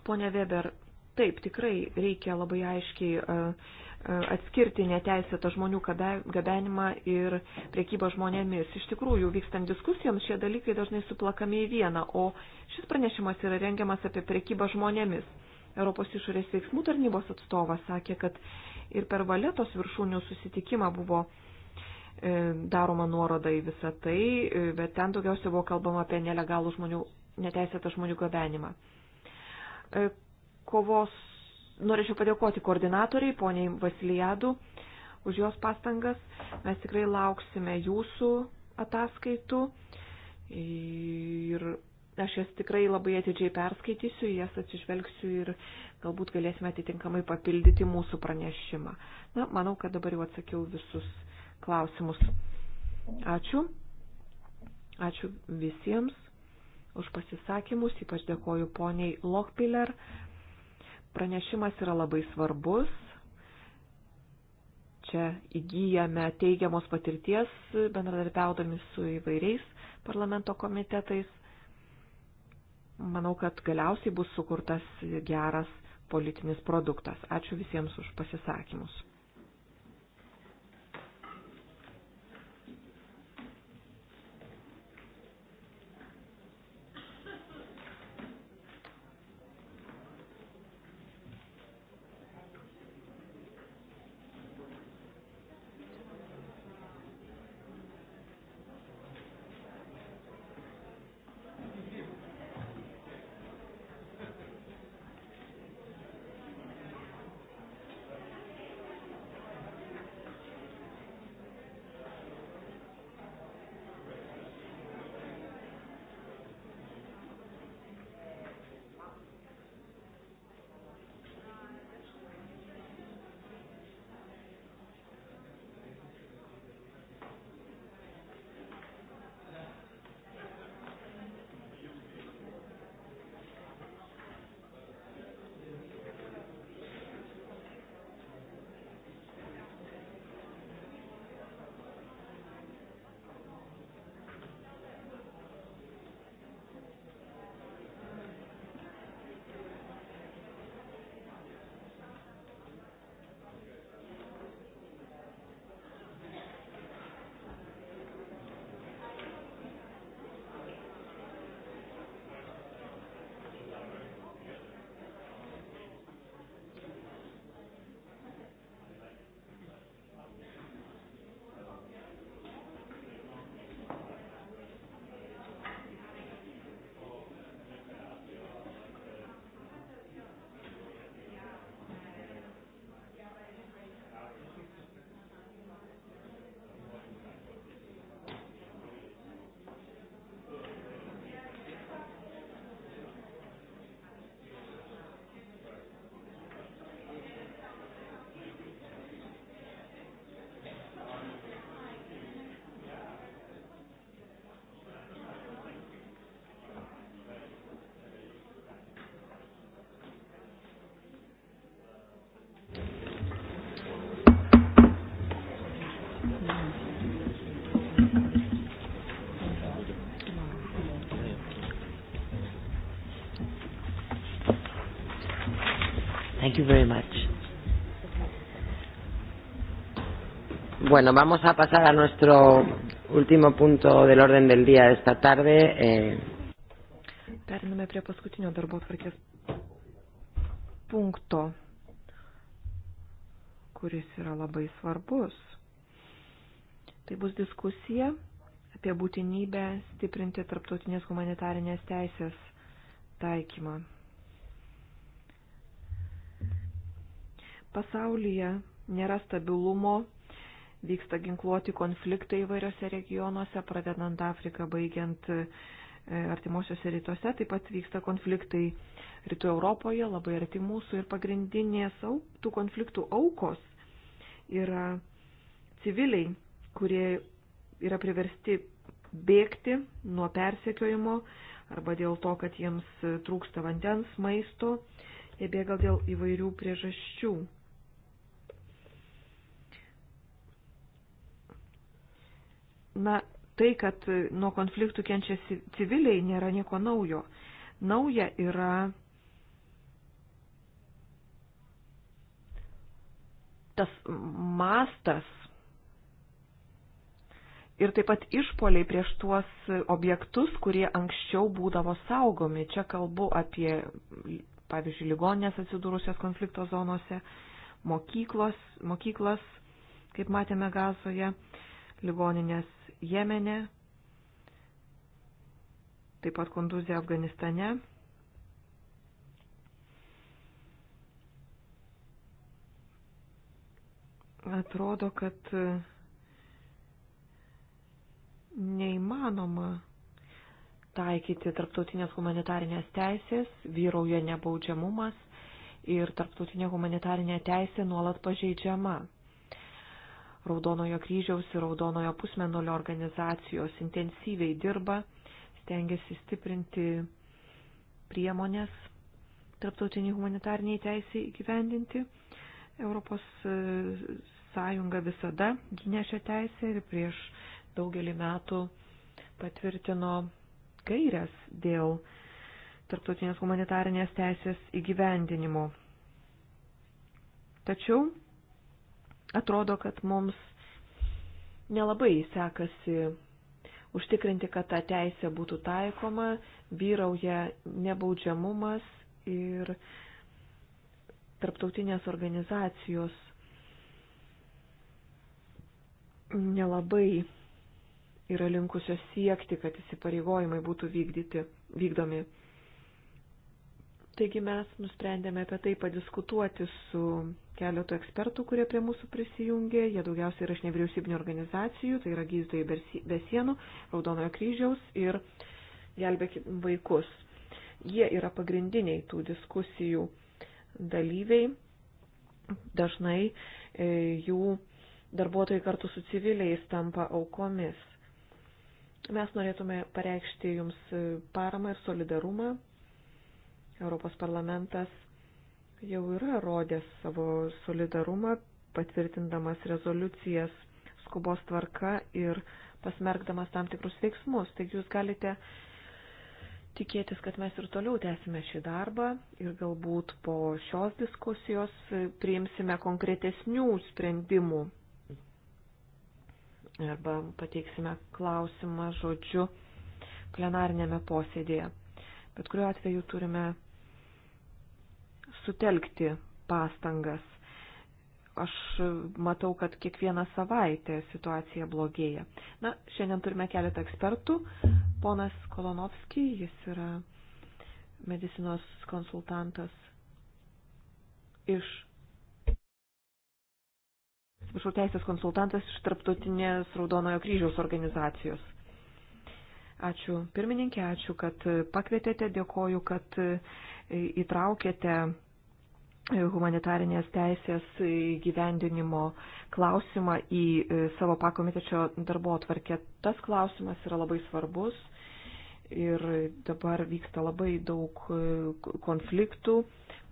Pone Weber, Taip, tikrai reikia labai aiškiai e, e, atskirti neteisėtą žmonių gabenimą ir priekybą žmonėmis. Iš tikrųjų, vykstant diskusijoms, šie dalykai dažnai suplakami į vieną, o šis pranešimas yra rengiamas apie priekybą žmonėmis. Europos išorės veiksmų tarnybos atstovas sakė, kad ir per valetos viršūnių susitikimą buvo e, daroma nuoroda į visą tai, bet ten daugiausia buvo kalbama apie nelegalų žmonių, neteisėtą žmonių gabenimą kovos, norėčiau padėkoti koordinatoriai, poniai Vasilijadu, už jos pastangas. Mes tikrai lauksime jūsų ataskaitų ir aš jas tikrai labai atidžiai perskaitysiu, jas atsižvelgsiu ir galbūt galėsime atitinkamai papildyti mūsų pranešimą. Na, manau, kad dabar jau atsakiau visus klausimus. Ačiū. Ačiū visiems už pasisakymus, ypač dėkoju poniai Lochpiller, Pranešimas yra labai svarbus. Čia įgyjame teigiamos patirties, bendradarbiaudami su įvairiais parlamento komitetais. Manau, kad galiausiai bus sukurtas geras politinis produktas. Ačiū visiems už pasisakymus. Thank you very much. Bueno, vamos a pasar a nuestro último punto del orden del día de esta tarde. Eh. Periname prie paskutinio darbo tvarkės punkto, kuris yra labai svarbus. Tai bus diskusija apie būtinybę stiprinti tarptautinės humanitarinės teisės taikymą. pasaulyje, nėra stabilumo, vyksta ginkluoti konfliktai įvairiose regionuose, pradedant Afriką, baigiant e, artimuosiuose rytuose, taip pat vyksta konfliktai rytų Europoje, labai arti mūsų ir pagrindinės tų konfliktų aukos yra civiliai, kurie yra priversti bėgti nuo persekiojimo arba dėl to, kad jiems trūksta vandens, maisto, jie bėga dėl įvairių priežasčių. Na, tai, kad nuo konfliktų kenčia civiliai, nėra nieko naujo. Nauja yra tas mastas ir taip pat išpoliai prieš tuos objektus, kurie anksčiau būdavo saugomi. Čia kalbu apie, pavyzdžiui, ligoninės atsidūrusios konflikto zonose, mokyklos, mokyklas, kaip matėme gazoje, ligoninės Jemene, taip pat Kunduzė Afganistane. Atrodo, kad neįmanoma taikyti tarptautinės humanitarinės teisės, vyrauja nebaudžiamumas ir tarptautinė humanitarinė teisė nuolat pažeidžiama. Raudonojo kryžiaus ir Raudonojo pusmenulio organizacijos intensyviai dirba, stengiasi stiprinti priemonės tarptautiniai humanitarniai teisiai įgyvendinti. Europos e, Sąjunga visada gynė šią teisę ir prieš daugelį metų patvirtino gairias dėl tarptautinės humanitarinės teisės įgyvendinimo. Tačiau atrodo, kad mums nelabai sekasi užtikrinti, kad ta teisė būtų taikoma, vyrauja nebaudžiamumas ir tarptautinės organizacijos nelabai yra linkusios siekti, kad įsipareigojimai būtų vykdyti, vykdomi Taigi mes nusprendėme apie tai padiskutuoti su keletu ekspertų, kurie prie mūsų prisijungė. Jie daugiausiai yra iš nevyriausybinio organizacijų, tai yra gydytojai be sienų, Raudonojo kryžiaus ir gelbėkit vaikus. Jie yra pagrindiniai tų diskusijų dalyviai. Dažnai e, jų darbuotojai kartu su civiliais tampa aukomis. Mes norėtume pareikšti Jums e, paramą ir solidarumą Europos parlamentas jau yra rodęs savo solidarumą, patvirtindamas rezoliucijas skubos tvarka ir pasmerkdamas tam tikrus veiksmus. Taigi jūs galite tikėtis, kad mes ir toliau tęsime šį darbą ir galbūt po šios diskusijos priimsime konkretesnių sprendimų arba pateiksime klausimą žodžiu plenarinėme posėdėje. Bet kuriuo atveju turime sutelkti pastangas. Aš matau, kad kiekvieną savaitę situacija blogėja. Na, šiandien turime keletą ekspertų. Ponas Kolonovskis, jis yra medicinos konsultantas iš. Atsiprašau, teisės konsultantas iš Tarptautinės Raudonojo kryžiaus organizacijos. Ačiū pirmininkė, ačiū, kad pakvietėte, dėkoju, kad įtraukėte humanitarinės teisės gyvendinimo klausimą į e, savo pakomitečio darbo atvarkę. Tas klausimas yra labai svarbus ir dabar vyksta labai daug e, konfliktų,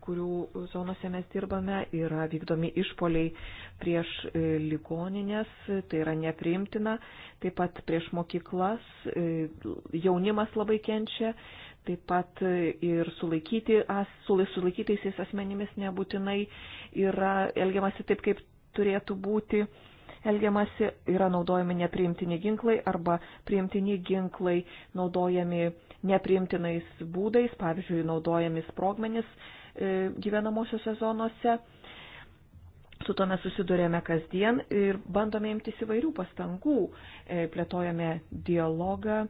kurių zonose mes dirbame, yra vykdomi išpoliai prieš e, ligoninės, tai yra nepriimtina, taip pat prieš mokyklas, jaunimas labai kenčia, Taip pat ir sulaikyti, sulaikytaisiais asmenimis nebūtinai yra elgiamasi taip, kaip turėtų būti elgiamasi, yra naudojami nepriimtini ginklai arba priimtini ginklai naudojami nepriimtinais būdais, pavyzdžiui, naudojami sprogmenis e, gyvenamosiose zonose. Su to mes susidurėme kasdien ir bandome imtis įvairių pastangų, e, plėtojame dialogą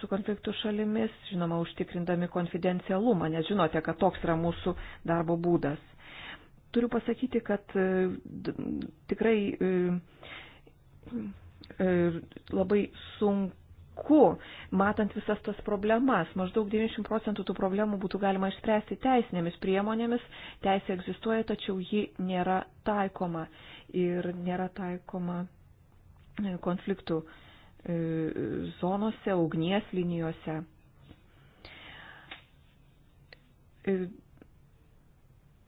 su konfliktų šalimis, žinoma, užtikrindami konfidencialumą, nes žinote, kad toks yra mūsų darbo būdas. Turiu pasakyti, kad e, tikrai e, e, labai sunku, matant visas tas problemas, maždaug 90 procentų tų problemų būtų galima išspręsti teisinėmis priemonėmis, teisė egzistuoja, tačiau ji nėra taikoma ir nėra taikoma konfliktų uh, E, zonose, ugnies linijose. E,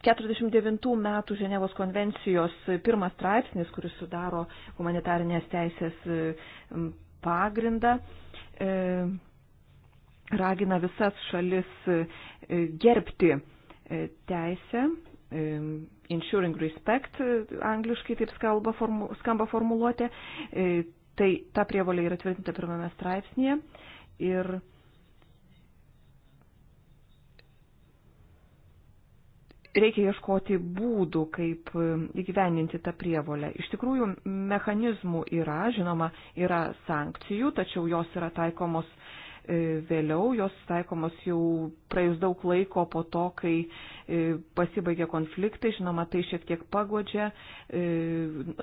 Ir 49 metų Ženevos konvencijos pirmas straipsnis, kuris sudaro humanitarinės teisės e, pagrindą, ragina visas šalis gerbti teisę, ensuring respect, angliškai taip skalba, formu, skamba formuluotė, Tai ta prievolė yra tvirtinta pirmame straipsnėje ir reikia ieškoti būdų, kaip įgyvendinti tą prievolę. Iš tikrųjų, mechanizmų yra, žinoma, yra sankcijų, tačiau jos yra taikomos E, vėliau, jos taikomos jau praėjus daug laiko po to, kai e, pasibaigė konfliktai, žinoma, tai šiek tiek pagodžia e,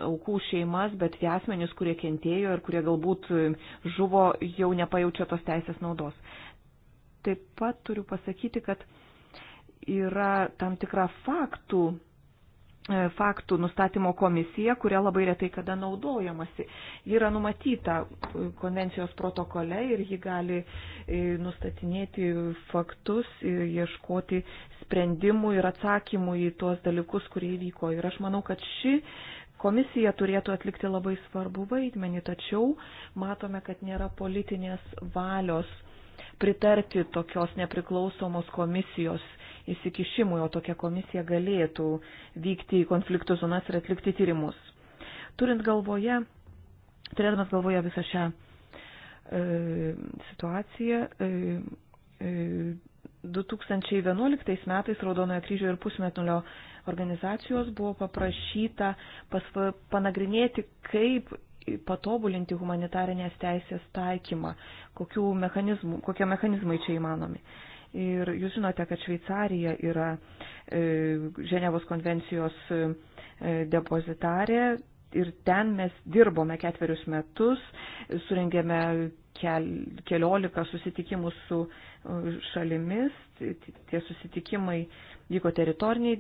aukų šeimas, bet tie asmenys, kurie kentėjo ir kurie galbūt žuvo, jau nepajaučia tos teisės naudos. Taip pat turiu pasakyti, kad yra tam tikra faktų E, faktų nustatymo komisija, kuria labai retai kada naudojamasi. Ji yra numatyta e, konvencijos protokole ir ji gali e, nustatinėti faktus, ieškoti sprendimų ir atsakymų į tuos dalykus, kurie įvyko. Ir aš manau, kad ši komisija turėtų atlikti labai svarbų vaidmenį, tačiau matome, kad nėra politinės valios pritarti tokios nepriklausomos komisijos įsikišimui, o tokia komisija galėtų vykti į konfliktų zonas ir atlikti tyrimus. Turint galvoje, turėdamas galvoje visą šią e, situaciją, e, e, 2011 metais Raudonojo kryžio ir pusmetnulio organizacijos buvo paprašyta pasva, panagrinėti, kaip patobulinti humanitarinės teisės taikymą, mechanizmų, kokie mechanizmai čia įmanomi. Ir jūs žinote, kad Šveicarija yra e, Ženevos konvencijos e, depozitarė ir ten mes dirbome ketverius metus, surengėme kel, keliolika susitikimų su e, šalimis. Tie susitikimai vyko teritoriniai,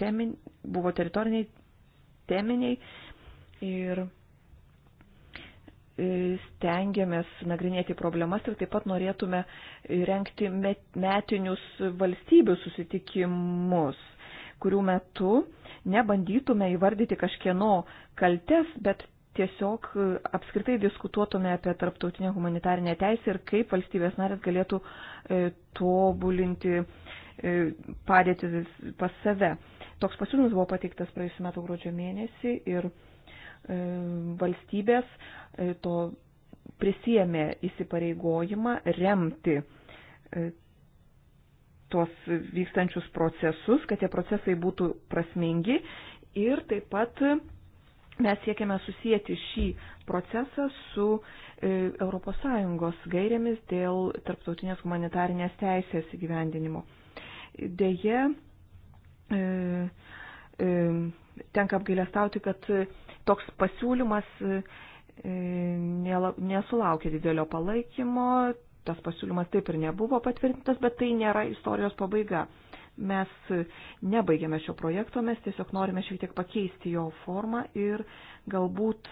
temin, buvo teritoriniai, teminiai. Ir E, stengiamės nagrinėti problemas ir taip pat norėtume renkti metinius valstybių susitikimus, kurių metu nebandytume įvardyti kažkieno kaltes, bet tiesiog apskritai diskutuotume apie tarptautinę humanitarinę teisę ir kaip valstybės narės galėtų e, tobulinti e, padėtį pas save. Toks pasiūlymas buvo pateiktas praėjusiu metu gruodžio mėnesį ir E, valstybės e, to prisėmė įsipareigojimą remti e, tuos vykstančius procesus, kad tie procesai būtų prasmingi ir taip pat mes siekiame susijęti šį procesą su ES gairėmis dėl tarptautinės humanitarinės teisės įgyvendinimo. Deja, tenka apgailestauti, kad toks pasiūlymas e, e, nesulaukė didelio palaikymo, tas pasiūlymas taip ir nebuvo patvirtintas, bet tai nėra istorijos pabaiga. Mes e, nebaigėme šio projekto, mes tiesiog norime šiek tiek pakeisti jo formą ir galbūt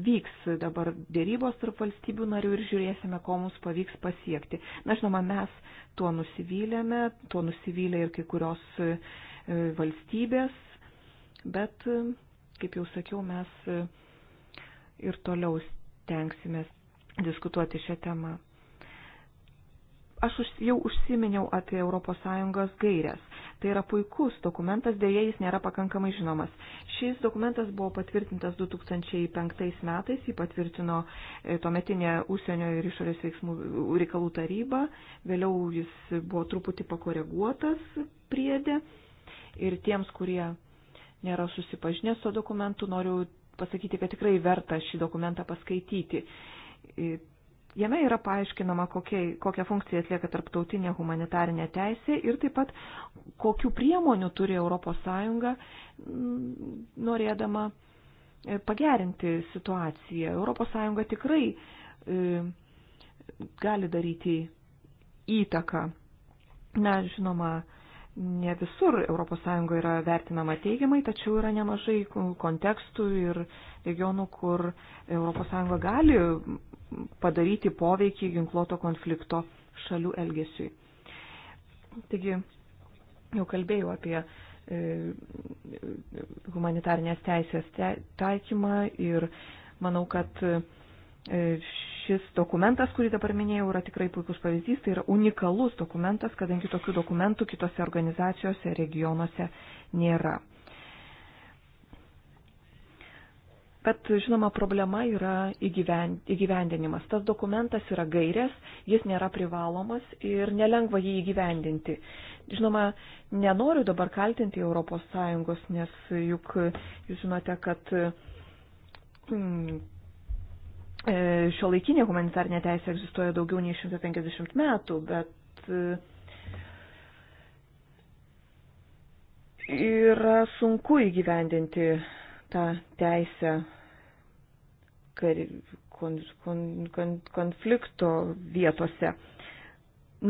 vyks dabar dėrybos tarp valstybių narių ir žiūrėsime, ko mums pavyks pasiekti. Na, žinoma, mes tuo nusivylėme, tuo nusivylė ir kai kurios valstybės, bet kaip jau sakiau, mes e, ir toliau stengsimės diskutuoti šią temą. Aš jau užsiminiau apie ES gairias. Tai yra puikus dokumentas, dėja jis nėra pakankamai žinomas. Šis dokumentas buvo patvirtintas 2005 metais, jį patvirtino e, tuometinė užsienio ir išorės veiksmų reikalų taryba, vėliau jis buvo truputį pakoreguotas priedė ir tiems, kurie nėra susipažinęs to dokumentu, noriu pasakyti, kad tikrai verta šį dokumentą paskaityti. Jame yra paaiškinama, kokie, kokią funkciją atlieka tarptautinė humanitarinė teisė ir taip pat kokiu priemoniu turi ES mm, norėdama e, pagerinti situaciją. ES tikrai e, gali daryti įtaką. Na, žinoma, ne visur ES yra vertinama teigiamai, tačiau yra nemažai kontekstų ir regionų, kur ES gali padaryti poveikį ginkluoto konflikto šalių elgesiui. Taigi, jau kalbėjau apie e, humanitarnės teisės taikymą ir manau, kad e, šis dokumentas, kurį dabar minėjau, yra tikrai puikus pavyzdys, tai yra unikalus dokumentas, kadangi tokių dokumentų kitose organizacijose, regionuose nėra. Bet žinoma, problema yra įgyvendinimas. Tas dokumentas yra gairės, jis nėra privalomas ir nelengva jį įgyvendinti. Žinoma, nenoriu dabar kaltinti ES, nes juk jūs žinote, kad. Hmm, E, šio laikinė humanitarnė teisė egzistuoja daugiau nei 150 metų, bet e, yra sunku įgyvendinti tą teisę konflikto vietose.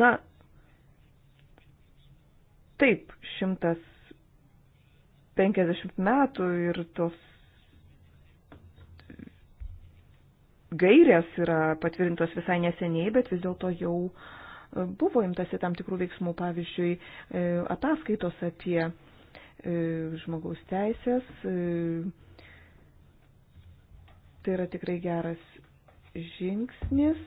Na, taip, 150 metų ir tos gairės yra patvirtintos visai neseniai, bet vis dėlto jau e, buvo imtasi tam tikrų veiksmų, pavyzdžiui, e, ataskaitos apie e, žmogaus teisės. Tai yra tikrai geras žingsnis.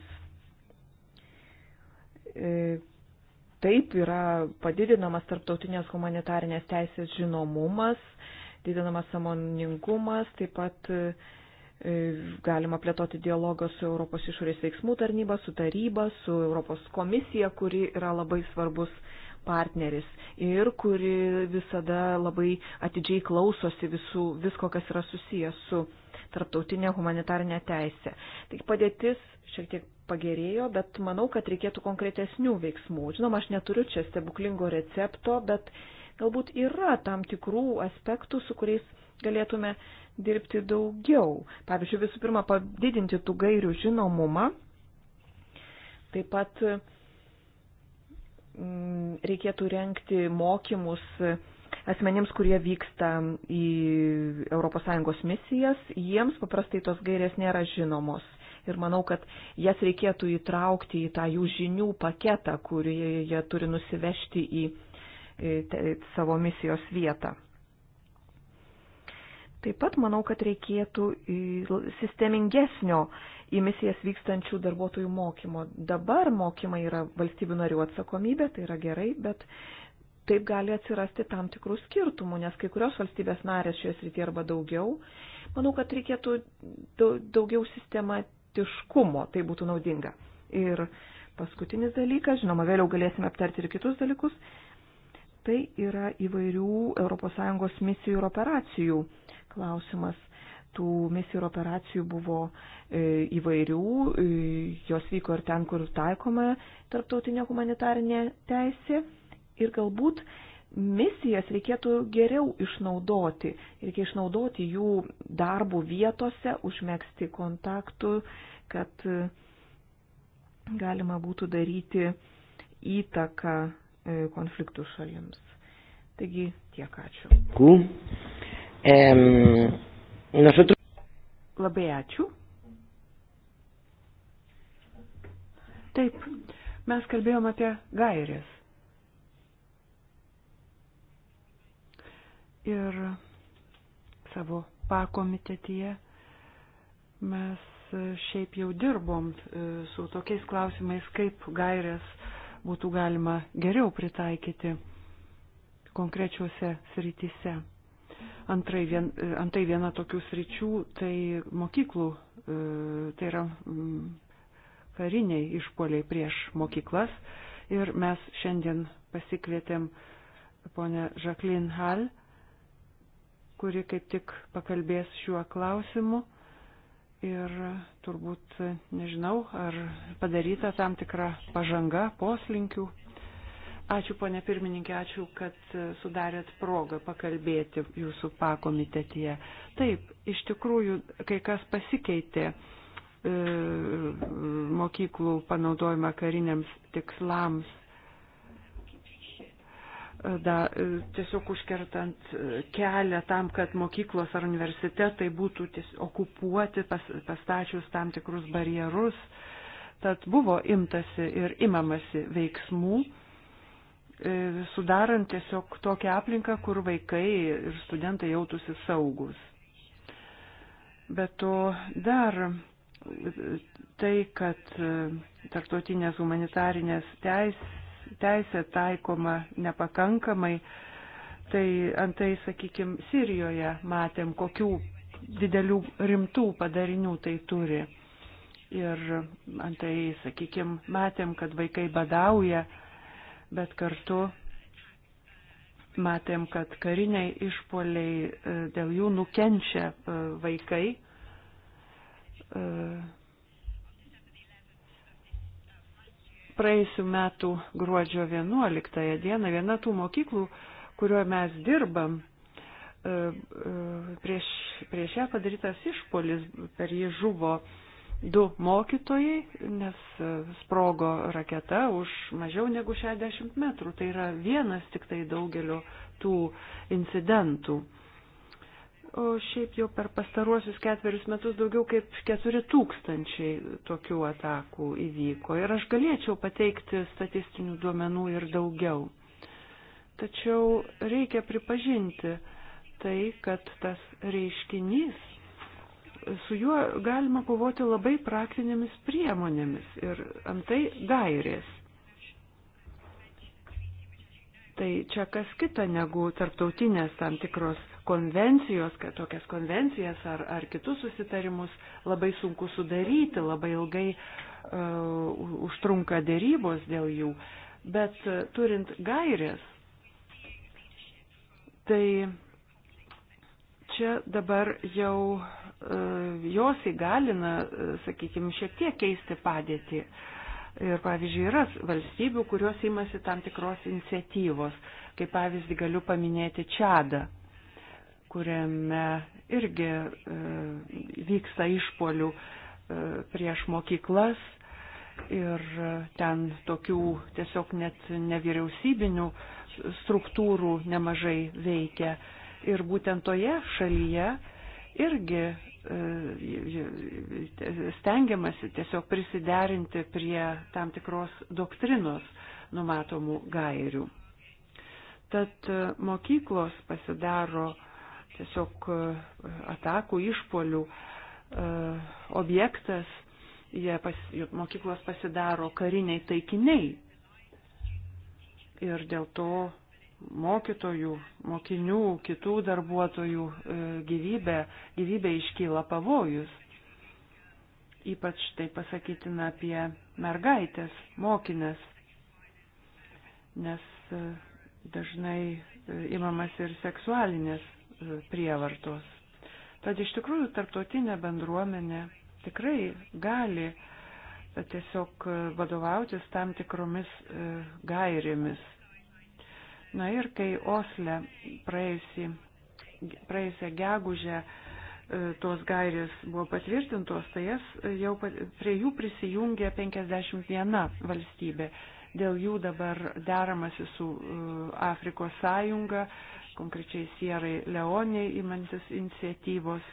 Taip yra padidinamas tarptautinės humanitarinės teisės žinomumas, didinamas samoningumas, taip pat E, galima plėtoti dialogą su Europos išorės veiksmų tarnyba, su taryba, su Europos komisija, kuri yra labai svarbus partneris ir kuri visada labai atidžiai klausosi visų, visko, kas yra susijęs su tarptautinė humanitarinė teisė. Taigi padėtis šiek tiek pagerėjo, bet manau, kad reikėtų konkretesnių veiksmų. Žinoma, aš neturiu čia stebuklingo recepto, bet galbūt yra tam tikrų aspektų, su kuriais galėtume dirbti daugiau. Pavyzdžiui, visų pirma, padidinti tų gairių žinomumą. Taip pat mm, reikėtų renkti mokymus asmenims, kurie vyksta į ES misijas. Jiems paprastai tos gairės nėra žinomos. Ir manau, kad jas reikėtų įtraukti į tą jų žinių paketą, kurį jie turi nusivežti į savo misijos vietą. Taip pat manau, kad reikėtų sistemingesnio į misijas vykstančių darbuotojų mokymo. Dabar mokymai yra valstybių narių atsakomybė, tai yra gerai, bet taip gali atsirasti tam tikrų skirtumų, nes kai kurios valstybės narės šioje srityje arba daugiau. Manau, kad reikėtų daugiau sistematiškumo, tai būtų naudinga. Ir paskutinis dalykas, žinoma, vėliau galėsime aptarti ir kitus dalykus, tai yra įvairių ES misijų ir operacijų klausimas. Tų misijų ir operacijų buvo e, įvairių, e, jos vyko ir ten, kur taikoma tarptautinė humanitarinė teisė. Ir galbūt misijas reikėtų geriau išnaudoti. Reikia išnaudoti jų darbų vietose, užmėgsti kontaktų, kad e, galima būtų daryti įtaką konfliktų šalims. Taigi tiek ačiū. Cool. Nosotros... Labai ačiū. Taip, mes kalbėjom apie gairės. Ir savo pakomitetyje mes šiaip jau dirbom e, su tokiais klausimais, kaip gairės būtų galima geriau pritaikyti konkrečiuose srityse. Antrai, vien, e, antrai viena tokių sričių tai mokyklų, e, tai yra kariniai išpoliai prieš mokyklas. Ir mes šiandien pasikvietėm ponę Žaklin Hal, kuri kaip tik pakalbės šiuo klausimu. Ir turbūt, nežinau, ar padaryta tam tikra pažanga, poslinkių Ačiū, ponė pirmininkė, ačiū, kad e, sudarėt progą pakalbėti jūsų pakomitetyje. Taip, iš tikrųjų, kai kas pasikeitė e, mokyklų panaudojimą kariniams tikslams, e, da, e, tiesiog užkertant kelią tam, kad mokyklos ar universitetai būtų okupuoti, pas, pastačius tam tikrus barjerus. Tad buvo imtasi ir imamasi veiksmų E, sudarant tiesiog tokią aplinką, kur vaikai ir studentai jautųsi saugus. Bet to dar e, tai, kad e, tarptautinės humanitarinės teis, teisė taikoma nepakankamai, tai antai, sakykime, Sirijoje matėm, kokių didelių rimtų padarinių tai turi. Ir antai, sakykime, matėm, kad vaikai badauja, bet kartu matėm, kad kariniai išpoliai e, dėl jų nukenčia e, vaikai. E, Praėjusiu metu gruodžio 11 dieną viena tų mokyklų, kuriuo mes dirbam, prieš, prieš ją padarytas išpolis, per jį žuvo du mokytojai, nes e, sprogo raketa už mažiau negu 60 metrų. Tai yra vienas tik tai daugelio tų incidentų. O šiaip jau per pastaruosius ketverius metus daugiau kaip 4000 tokių atakų įvyko. Ir aš galėčiau pateikti statistinių duomenų ir daugiau. Tačiau reikia pripažinti tai, kad tas reiškinys su juo galima kovoti labai praktinėmis priemonėmis ir antai gairės. Tai čia kas kita negu tarptautinės tam tikros konvencijos, kad tokias konvencijas ar, ar kitus susitarimus labai sunku sudaryti, labai ilgai uh, užtrunka dėrybos dėl jų. Bet uh, turint gairės, tai čia dabar jau uh, E, jos įgalina, e, sakykime, šiek tiek keisti padėtį. Ir pavyzdžiui, yra valstybių, kurios imasi tam tikros iniciatyvos. Kaip pavyzdį galiu paminėti Čadą, kuriame irgi e, vyksta išpolių e, prieš mokyklas ir ten tokių tiesiog net nevyriausybinių struktūrų nemažai veikia. Ir būtent toje šalyje irgi E, stengiamasi tiesiog prisiderinti prie tam tikros doktrinos numatomų gairių. Tad e, mokyklos pasidaro tiesiog e, atakų, išpolių objektas, jie pas, mokyklos pasidaro kariniai taikiniai. Ir dėl to mokytojų, mokinių, kitų darbuotojų e, gyvybė, gyvybė iškyla pavojus. Ypač tai pasakytina apie mergaitės, mokinės, nes e, dažnai e, imamas ir seksualinės prievartos. Tad iš tikrųjų tarptautinė bendruomenė tikrai gali tiesiog vadovautis tam tikromis gairėmis Na ir kai Osle praėjusi, praėjusią gegužę e, tos gairės buvo patvirtintos, tai jas e, jau prie jų prisijungė 51 valstybė. Dėl jų dabar deramasi su e, Afrikos sąjunga, konkrečiai Sierai Leoniai imantis iniciatyvos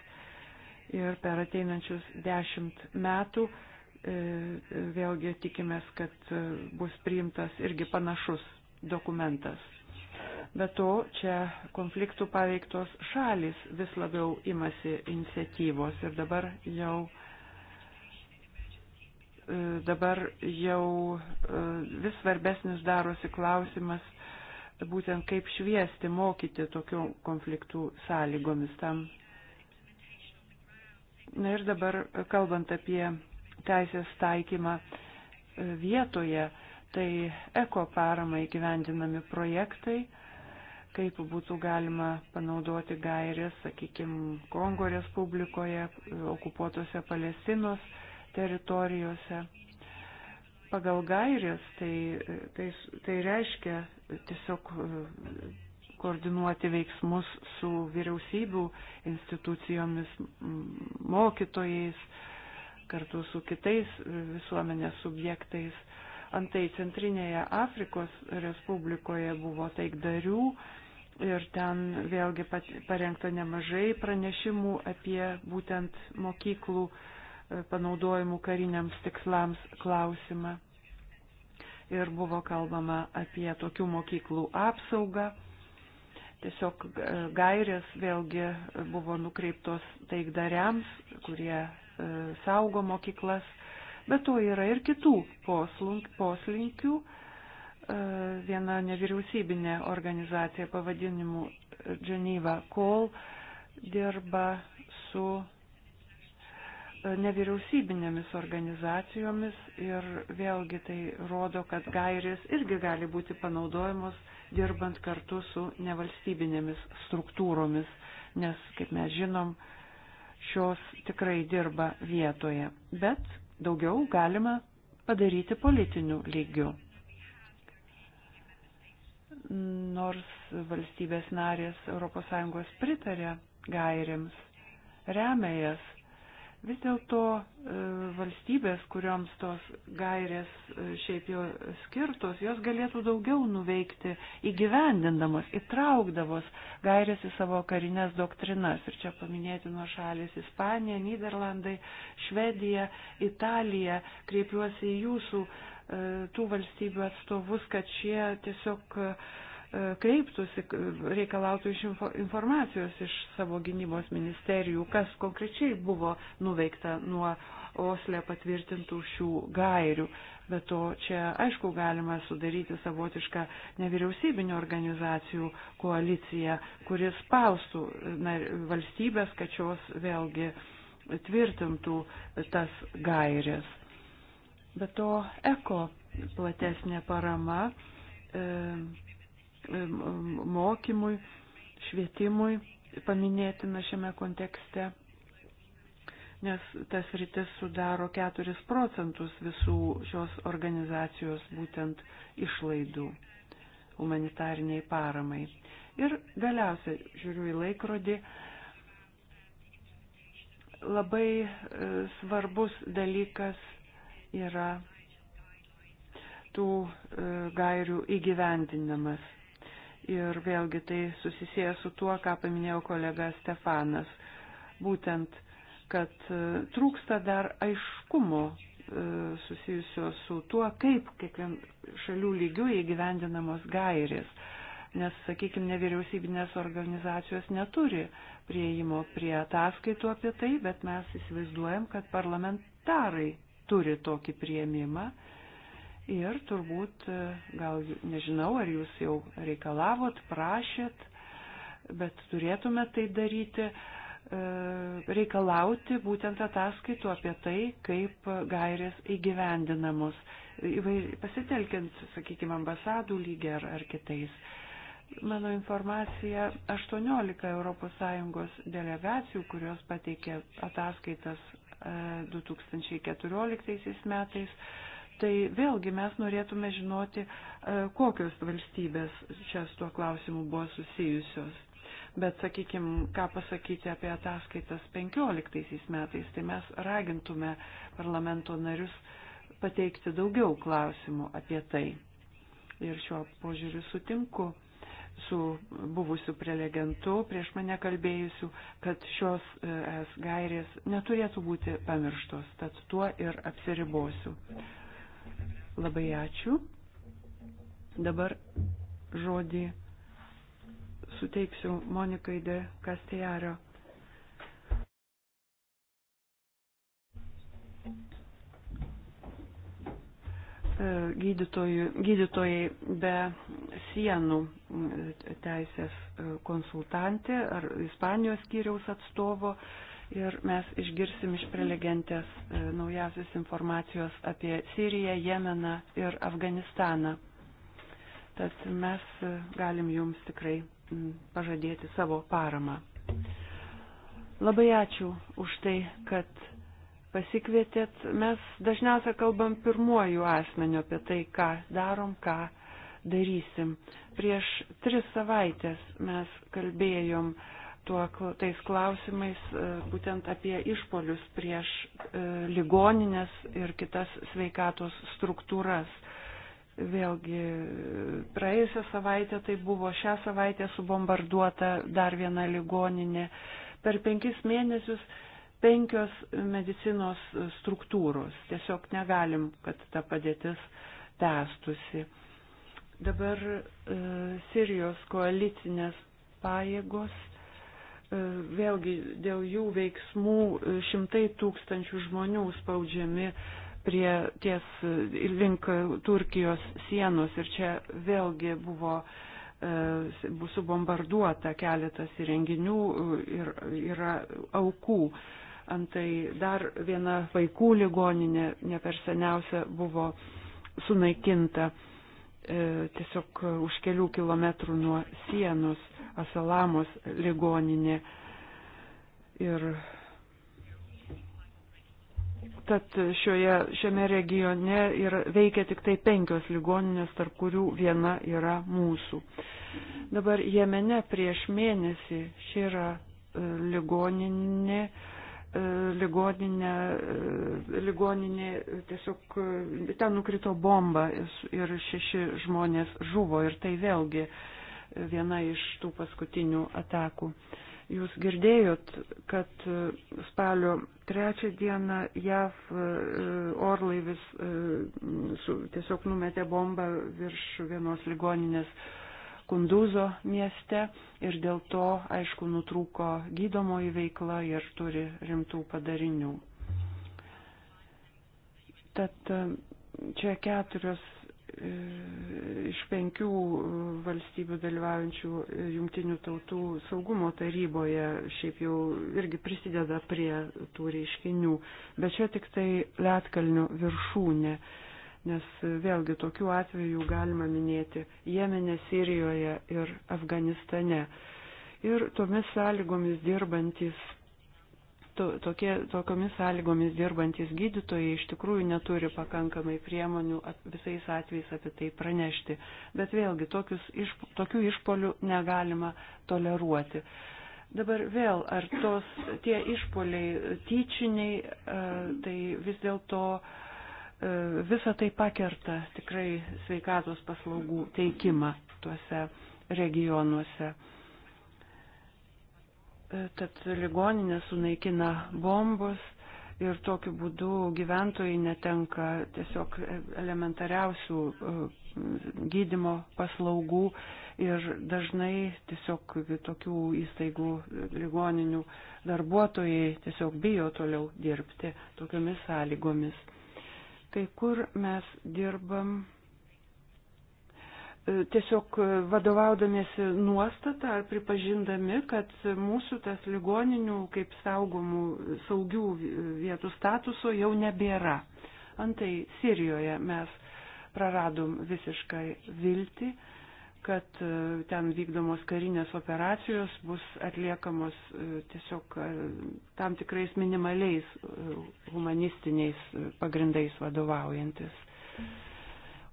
ir per ateinančius dešimt metų vėlgi tikimės, kad bus priimtas irgi panašus dokumentas. Be to, čia konfliktų paveiktos šalis vis labiau imasi iniciatyvos ir dabar jau e, dabar jau e, vis svarbesnis darosi klausimas būtent kaip šviesti, mokyti tokių konfliktų sąlygomis tam. Na ir dabar, kalbant apie teisės taikymą e, vietoje, tai eko paramai gyvendinami projektai kaip būtų galima panaudoti gairės, sakykime, Kongo Respublikoje, okupuotose Palestinos teritorijose. Pagal gairės tai, tai, tai reiškia tiesiog e, koordinuoti veiksmus su vyriausybių institucijomis, mokytojais, kartu su kitais visuomenės subjektais. Antai Centrinėje Afrikos Respublikoje buvo taikdarių, Ir ten vėlgi parengta nemažai pranešimų apie būtent mokyklų e, panaudojimų kariniams tikslams klausimą. Ir buvo kalbama apie tokių mokyklų apsaugą. Tiesiog e, gairės vėlgi buvo nukreiptos taikdariams, kurie e, saugo mokyklas. Bet to yra ir kitų poslinkių. Poslink, E, viena nevyriausybinė organizacija pavadinimu Geneva Call dirba su e, nevyriausybinėmis organizacijomis ir vėlgi tai rodo, kad gairės irgi gali būti panaudojamos dirbant kartu su nevalstybinėmis struktūromis, nes, kaip mes žinom, šios tikrai dirba vietoje, bet daugiau galima padaryti politiniu lygiu nors valstybės narės ES pritarė gairiams, remia jas, Vis dėlto e, valstybės, kurioms tos gairės e, šiaip jau skirtos, jos galėtų daugiau nuveikti įgyvendindamos, įtraukdavos gairės į savo karinės doktrinas. Ir čia paminėti nuo šalis Ispanija, Niderlandai, Švedija, Italija. Kreipiuosi į jūsų e, tų valstybių atstovus, kad šie tiesiog E, kreiptųsi, reikalautų iš informacijos iš savo gynybos ministerijų, kas konkrečiai buvo nuveikta nuo Oslė patvirtintų šių gairių. Bet to čia, aišku, galima sudaryti savotišką nevyriausybinio organizacijų koaliciją, kuris paustų e, valstybės, kad šios vėlgi tvirtintų tas gairės. Bet to eko platesnė parama. E, mokymui, švietimui paminėtina šiame kontekste, nes tas rytis sudaro 4 procentus visų šios organizacijos būtent išlaidų humanitariniai paramai. Ir galiausiai, žiūriu į laikrodį, labai e, svarbus dalykas yra tų e, gairių įgyvendinamas Ir vėlgi tai susisėja su tuo, ką paminėjo kolega Stefanas. Būtent, kad e, trūksta dar aiškumo e, susijusio su tuo, kaip kiekvien šalių lygių įgyvendinamos gairės. Nes, sakykime, nevyriausybinės organizacijos neturi prieimo prie ataskaitų apie tai, bet mes įsivaizduojam, kad parlamentarai turi tokį prieimimą Ir turbūt, e, gal nežinau, ar jūs jau reikalavot, prašėt, bet turėtume tai daryti, e, reikalauti būtent ataskaitų apie tai, kaip gairės įgyvendinamos, pasitelkiant, sakykime, ambasadų lygį ar, ar kitais. Mano informacija, 18 ES delegacijų, kurios pateikė ataskaitas 2014 e, metais, Tai vėlgi mes norėtume žinoti, e, kokios valstybės čia su tuo klausimu buvo susijusios. Bet, sakykime, ką pasakyti apie ataskaitas 15 metais, tai mes ragintume parlamento narius pateikti daugiau klausimų apie tai. Ir šiuo požiūriu sutinku su buvusiu prelegentu prieš mane kalbėjusiu, kad šios e, es gairės neturėtų būti pamirštos, tad tuo ir apsiribosiu. Labai ačiū. Dabar žodį suteiksiu Monikai de Kastijario. E, Gydytojų, gydytojai be sienų e, teisės e, konsultantė ar Ispanijos skyriaus atstovo ir mes išgirsim iš prelegentės e, naujausios informacijos apie Siriją, Jemeną ir Afganistaną. Tad mes e, galim jums tikrai pažadėti savo paramą. Labai ačiū už tai, kad pasikvietėt. Mes dažniausiai kalbam pirmuoju asmeniu apie tai, ką darom, ką darysim. Prieš tris savaitės mes kalbėjom uh, tuo, tais klausimais e, būtent apie išpolius prieš e, ligoninės ir kitas sveikatos struktūras. Vėlgi praėjusią savaitę tai buvo, šią savaitę subombarduota dar viena ligoninė. Per penkis mėnesius penkios medicinos struktūros. Tiesiog negalim, kad ta padėtis tęstusi. Dabar e, Sirijos koalicinės pajėgos E, vėlgi dėl jų veiksmų e, šimtai tūkstančių žmonių spaudžiami prie ties e, link Turkijos sienos ir čia vėlgi buvo subombarduota keletas įrenginių ir yra aukų. Antai dar viena vaikų ligoninė ne per seniausia buvo sunaikinta tiesiog už kelių kilometrų nuo sienos Asalamos ligoninė. Ir tad šioje, šiame regione ir veikia tik tai penkios ligoninės, tarp kurių viena yra mūsų. Dabar Jemene prieš mėnesį ši yra e, ligoninė, e, ligoninė, e, ligoninė tiesiog ten nukrito bomba ir šeši žmonės žuvo ir tai vėlgi viena iš tų paskutinių atakų. Jūs girdėjot, kad e, spalio trečią dieną JAV e, orlaivis e, su, tiesiog numetė bombą virš vienos ligoninės Kunduzo mieste ir dėl to, aišku, nutrūko gydomoji veikla ir turi rimtų padarinių. Tad čia keturios E, iš penkių valstybių dalyvaujančių jungtinių tautų saugumo taryboje šiaip jau irgi prisideda prie tų reiškinių, bet čia tik tai Lietkalnių viršūnė, nes vėlgi tokių atvejų galima minėti Jemenė, Sirijoje ir Afganistane. Ir tomis sąlygomis dirbantis to, tokie, tokiomis sąlygomis dirbantis gydytojai iš tikrųjų neturi pakankamai priemonių at, visais atvejais apie tai pranešti. Bet vėlgi, iš, tokių išpolių negalima toleruoti. Dabar vėl, ar tos, tie išpoliai tyčiniai, e, tai vis dėlto e, visa tai pakerta tikrai sveikatos paslaugų teikimą tuose regionuose. E, tad ligoninė sunaikina bombus ir tokiu būdu gyventojai netenka tiesiog elementariausių e, gydimo paslaugų ir dažnai tiesiog tokių įstaigų e, ligoninių darbuotojai tiesiog bijo toliau dirbti tokiomis sąlygomis. Kai kur mes dirbam tiesiog vadovaudamėsi nuostatą ar pripažindami, kad mūsų tas ligoninių kaip saugomų saugių vietų statuso jau nebėra. Antai Sirijoje mes praradom visiškai viltį, kad e, ten vykdomos karinės operacijos bus atliekamos e, tiesiog e, tam tikrais minimaliais humanistiniais pagrindais vadovaujantis. Mm.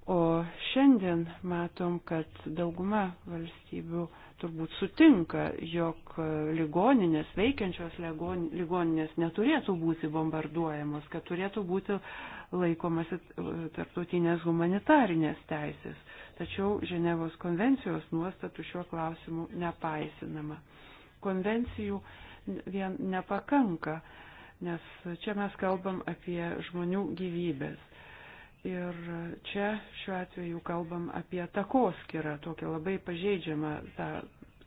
O šiandien matom, kad dauguma valstybių turbūt sutinka, jog ligoninės, veikiančios ligoninės neturėtų būti bombarduojamos, kad turėtų būti laikomasi tarptautinės humanitarinės teisės. Tačiau Ženevos konvencijos nuostatų šiuo klausimu nepaisinama. Konvencijų vien nepakanka, nes čia mes kalbam apie žmonių gyvybės Ir čia šiuo atveju kalbam apie takoskirą, tokią labai pažeidžiamą tą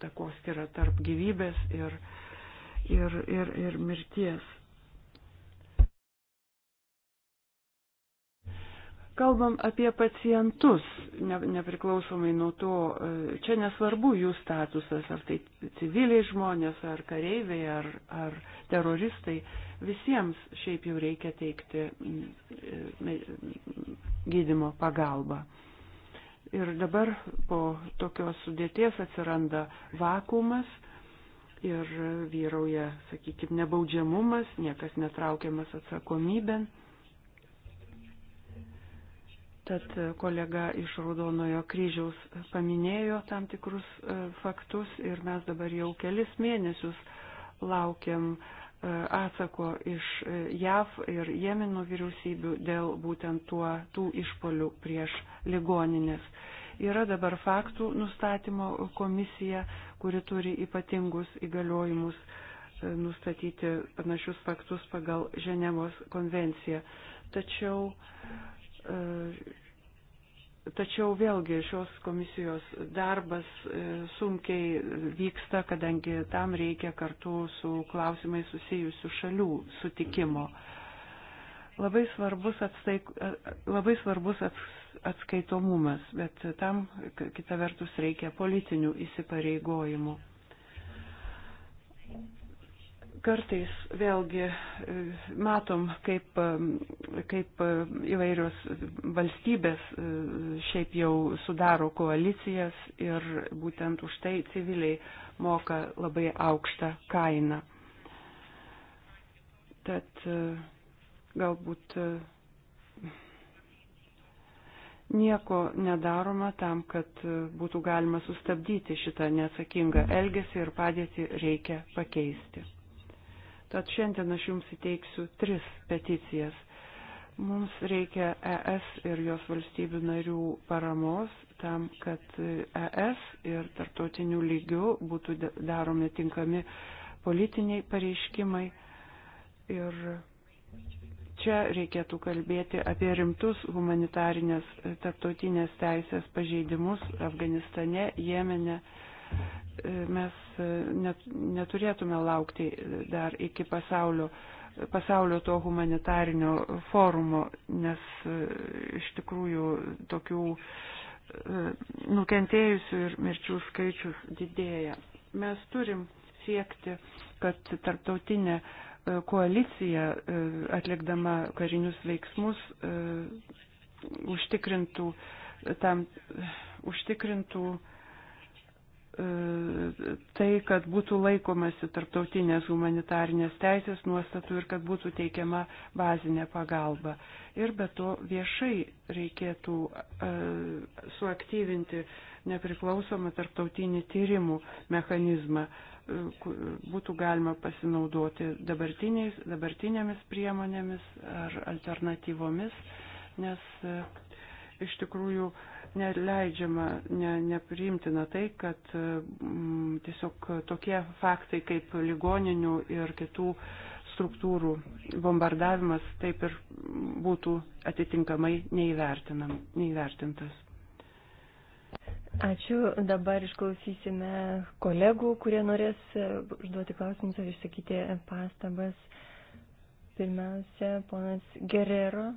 takoskirą tarp gyvybės ir, ir, ir, ir mirties. kalbam apie pacientus, ne, nepriklausomai nuo to, e, čia nesvarbu jų statusas, ar tai civiliai žmonės, ar kareiviai, ar, ar teroristai, visiems šiaip jau reikia teikti mm, e, mm, gydimo pagalbą. Ir dabar po tokios sudėties atsiranda vakumas ir vyrauja, sakykime, nebaudžiamumas, niekas netraukiamas atsakomybėn Tad kolega iš Raudonojo kryžiaus paminėjo tam tikrus e, faktus ir mes dabar jau kelis mėnesius laukiam e, atsako iš e, JAV ir Jemeno vyriausybių dėl būtent tuo, tų išpolių prieš ligoninės. Yra dabar faktų nustatymo komisija, kuri turi ypatingus įgaliojimus nustatyti panašius faktus pagal Ženevos konvenciją. Tačiau E, tačiau vėlgi šios komisijos darbas e, sunkiai vyksta, kadangi tam reikia kartu su klausimai susijusių šalių sutikimo. Labai svarbus, atstaik, e, labai svarbus atskaitomumas, bet tam kita vertus reikia politinių įsipareigojimų kartais vėlgi e, matom, kaip, e, kaip e, įvairios valstybės šiaip jau sudaro koalicijas ir būtent už tai civiliai moka labai aukštą kainą. Tad galbūt nieko nedaroma tam, kad būtų galima sustabdyti šitą neatsakingą elgesį ir padėtį reikia pakeisti. Tad šiandien aš jums įteiksiu tris peticijas. Mums reikia ES ir jos valstybių narių paramos tam, kad ES ir tarptautinių lygių būtų daromi tinkami politiniai pareiškimai. Ir čia reikėtų kalbėti apie rimtus humanitarinės tarptautinės teisės pažeidimus Afganistane, Jemene mes e, net, neturėtume laukti dar iki pasaulio, pasaulio to humanitarinio forumo, nes e, iš tikrųjų tokių e, nukentėjusių ir mirčių skaičius didėja. Mes turim siekti, kad tarptautinė koalicija atlikdama karinius veiksmus užtikrintų tam užtikrintų uh, tai, kad būtų laikomasi tarptautinės humanitarnės teisės nuostatų ir kad būtų teikiama bazinė pagalba. Ir be to viešai reikėtų e, suaktyvinti nepriklausomą tarptautinį tyrimų mechanizmą. E, būtų galima pasinaudoti dabartinėmis priemonėmis ar alternatyvomis, nes e, iš tikrųjų neleidžiama, ne, nepriimtina tai, kad m, mm, tiesiog tokie faktai kaip ligoninių ir kitų struktūrų bombardavimas taip ir būtų atitinkamai neįvertintas. Ačiū. Dabar išklausysime kolegų, kurie norės e, užduoti klausimus ar išsakyti pastabas. Pirmiausia, ponas Gerero,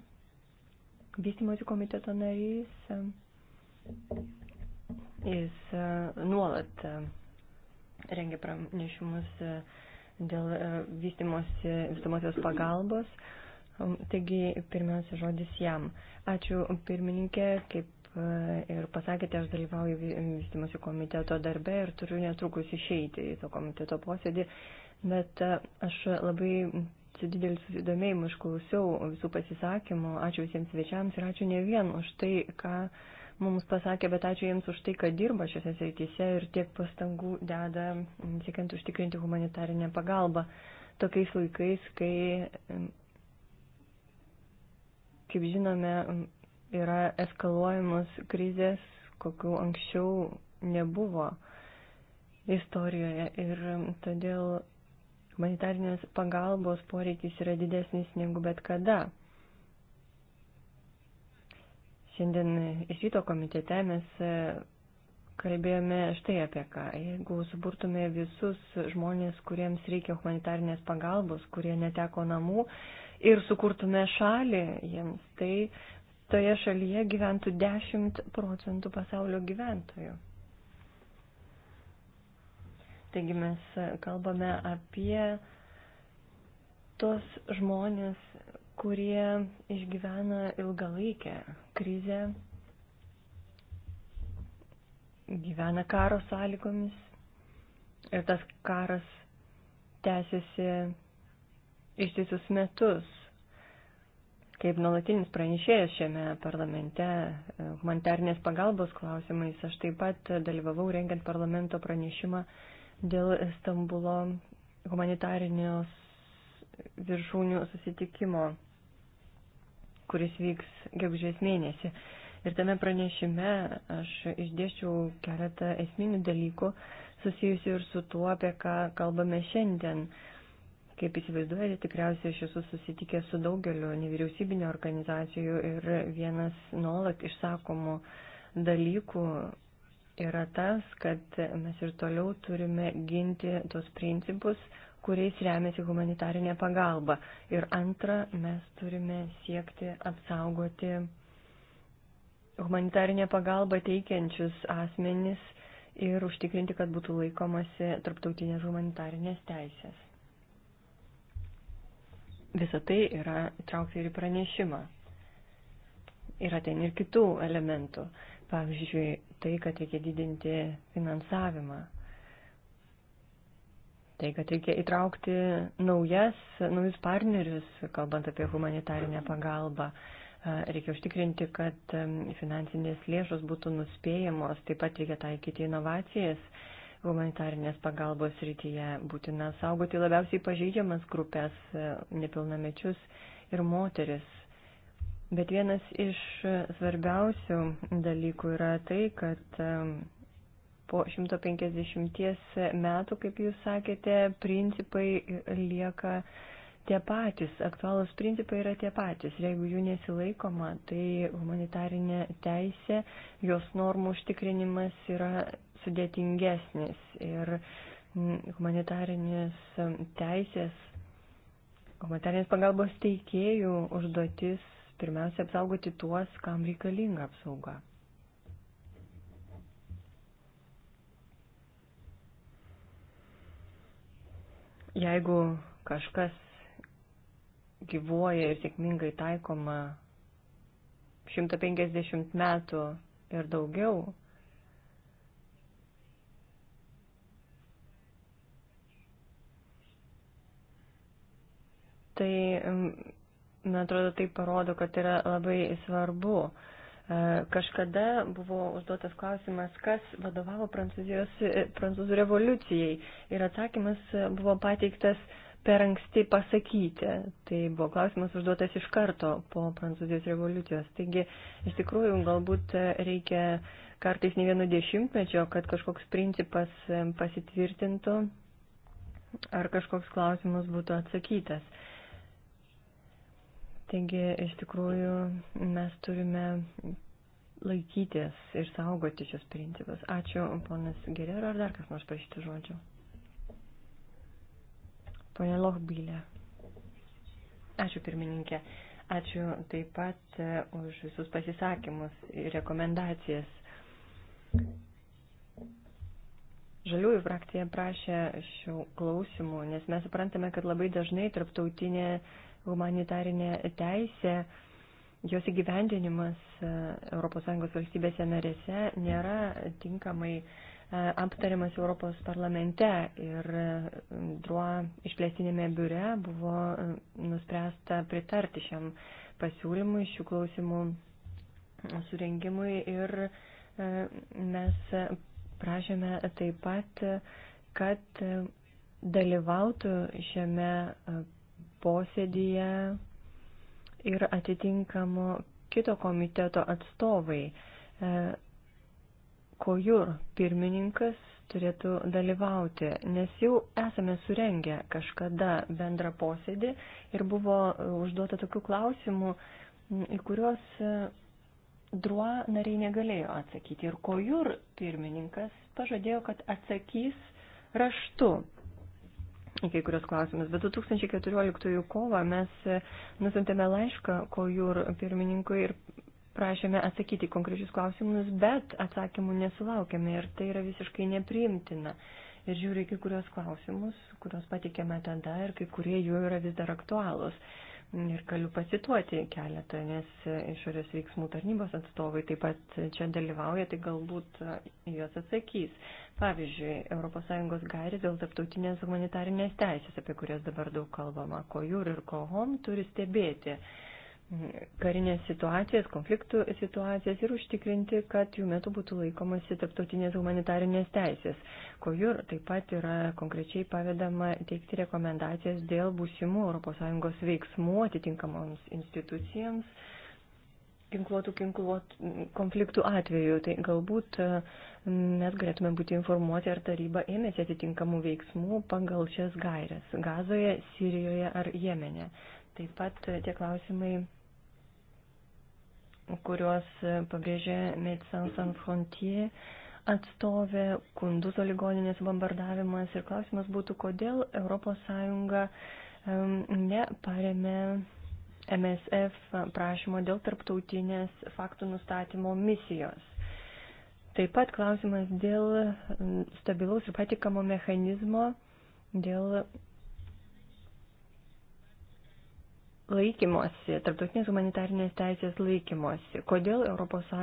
vystimosi komiteto narys. Jis e, nuolat e, rengia pranešimus e, dėl vystimosios pagalbos. Um, taigi, pirmiausia, žodis jam. Ačiū pirmininkė, kaip ir pasakėte, aš dalyvauju vystimosi komiteto darbe ir turiu netrukus išeiti į to komiteto posėdį, bet aš labai su dideliu susidomėjimu išklausiau visų pasisakymų. Ačiū visiems svečiams ir ačiū ne vien už tai, ką. Uh, mums pasakė, bet ačiū Jums už tai, kad dirba šiose srityse ir tiek pastangų deda, siekiant užtikrinti humanitarinę pagalbą. Tokiais laikais, kai, kaip žinome, yra eskaluojamos krizės, kokių anksčiau nebuvo istorijoje. Ir todėl humanitarinės pagalbos poreikis yra didesnis negu bet kada. Šiandien iš ryto komitete mes e, kalbėjome štai apie ką. Jeigu suburtume visus žmonės, kuriems reikia humanitarnės pagalbos, kurie neteko namų ir sukurtume šalį jiems, tai toje šalyje gyventų 10 procentų pasaulio gyventojų. Taigi mes kalbame apie tos žmonės kurie išgyvena ilgalaikę krizę, gyvena karo sąlygomis ir tas karas tęsiasi ištisus metus. Kaip nuolatinis pranešėjas šiame parlamente e, humanitarnės pagalbos klausimais, aš taip pat dalyvavau rengiant parlamento pranešimą dėl Stambulo humanitarinios viršūnių susitikimo kuris vyks gegužės mėnesį. Ir tame pranešime aš išdėščiau keletą esminių dalykų susijusių ir su tuo, apie ką kalbame šiandien. Kaip įsivaizduojate, tikriausiai aš esu susitikęs su daugeliu nevyriausybinio organizacijų ir vienas nuolat išsakomų dalykų yra tas, kad mes ir toliau turime ginti tos principus, kuriais remiasi humanitarinė pagalba. Ir antra, mes turime siekti apsaugoti humanitarinę pagalbą teikiančius asmenis ir užtikrinti, kad būtų laikomasi tarptautinės humanitarinės teisės. Visą tai yra įtraukta ir į pranešimą. Yra ten ir kitų elementų. Pavyzdžiui, tai, kad reikia didinti finansavimą tai, kad reikia įtraukti naujas, naujus partnerius, kalbant apie humanitarinę pagalbą. Reikia užtikrinti, kad finansinės lėšos būtų nuspėjamos, taip pat reikia taikyti inovacijas humanitarinės pagalbos rytyje, būtina saugoti labiausiai pažeidžiamas grupės, e, nepilnamečius ir moteris. Bet vienas iš svarbiausių dalykų yra tai, kad po 150 metų, kaip jūs sakėte, principai lieka tie patys, aktualūs principai yra tie patys. Ir jeigu jų nesilaikoma, tai humanitarinė teisė, jos normų užtikrinimas yra sudėtingesnis. Ir humanitarinės teisės, humanitarinės pagalbos teikėjų užduotis pirmiausia apsaugoti tuos, kam reikalinga apsauga. Jeigu kažkas gyvuoja ir sėkmingai taikoma 150 metų ir daugiau, tai, mm, man atrodo, tai parodo, kad yra labai svarbu E, kažkada buvo užduotas klausimas, kas vadovavo Prancūzijos, e, Prancūzų revoliucijai ir atsakymas buvo pateiktas per anksti pasakyti. Tai buvo klausimas užduotas iš karto po Prancūzijos revoliucijos. Taigi, iš tikrųjų, galbūt reikia kartais ne vieno dešimtmečio, kad kažkoks principas pasitvirtintų ar kažkoks klausimas būtų atsakytas. Taigi, iš tikrųjų, mes turime laikytis ir saugoti šios principus. Ačiū, ponas Gerero, ar dar kas nors prašyti žodžių? Pone Lochbylė. Ačiū, pirmininkė. Ačiū taip pat e, už visus pasisakymus ir rekomendacijas. Žaliųjų frakcija prašė šių klausimų, nes mes suprantame, kad labai dažnai tarptautinė humanitarinė teisė, jos įgyvendinimas ES valstybėse narėse nėra tinkamai e, aptariamas Europos parlamente ir e, druo išplėstinėme biure buvo e, nuspręsta pritarti šiam pasiūlymui, šių klausimų surengimui ir mes prašėme taip pat, kad dalyvautų šiame posėdėje ir atitinkamo kito komiteto atstovai. E, Kojur pirmininkas turėtų dalyvauti, nes jau esame surengę kažkada bendrą posėdį ir buvo užduota tokių klausimų, į kuriuos e, druo nariai negalėjo atsakyti. Ir Kojur pirmininkas pažadėjo, kad atsakys raštu kai kurios klausimus. Bet 2014 kovo mes e, nusintėme laišką kojur pirmininkui ir prašėme atsakyti konkrečius klausimus, bet atsakymų nesulaukėme ir tai yra visiškai nepriimtina. Ir žiūrėk, kai kurios klausimus, kuriuos patikėme tada ir kai kurie jų yra vis dar aktualūs. Ir galiu pacituoti keletą, nes išorės veiksmų tarnybos atstovai taip pat čia dalyvauja, tai galbūt juos atsakys. Pavyzdžiui, ES gairės dėl taptautinės humanitarinės teisės, apie kurias dabar daug kalbama, ko jūr ir ko hom turi stebėti karinės situacijas, konfliktų situacijas ir užtikrinti, kad jų metu būtų laikomasi tarptautinės humanitarinės teisės. Kojur taip pat yra konkrečiai pavedama teikti rekomendacijas dėl būsimų ES veiksmų atitinkamoms institucijams ginkluotų ginkluot, konfliktų atveju. Tai galbūt e, mes galėtume būti informuoti, ar taryba ėmėsi atitinkamų veiksmų pagal šias gairias Gazoje, Sirijoje ar Jemene. Taip pat e, tie klausimai kuriuos e, pabrėžė Médecins Sans Frontier atstovė, Kunduzo ligoninės bombardavimas ir klausimas būtų, kodėl ES neparemė MSF prašymo dėl tarptautinės faktų nustatymo misijos. Taip pat klausimas dėl stabilaus ir patikamo mechanizmo dėl laikymosi, tarptautinės humanitarinės teisės laikymosi. Kodėl ES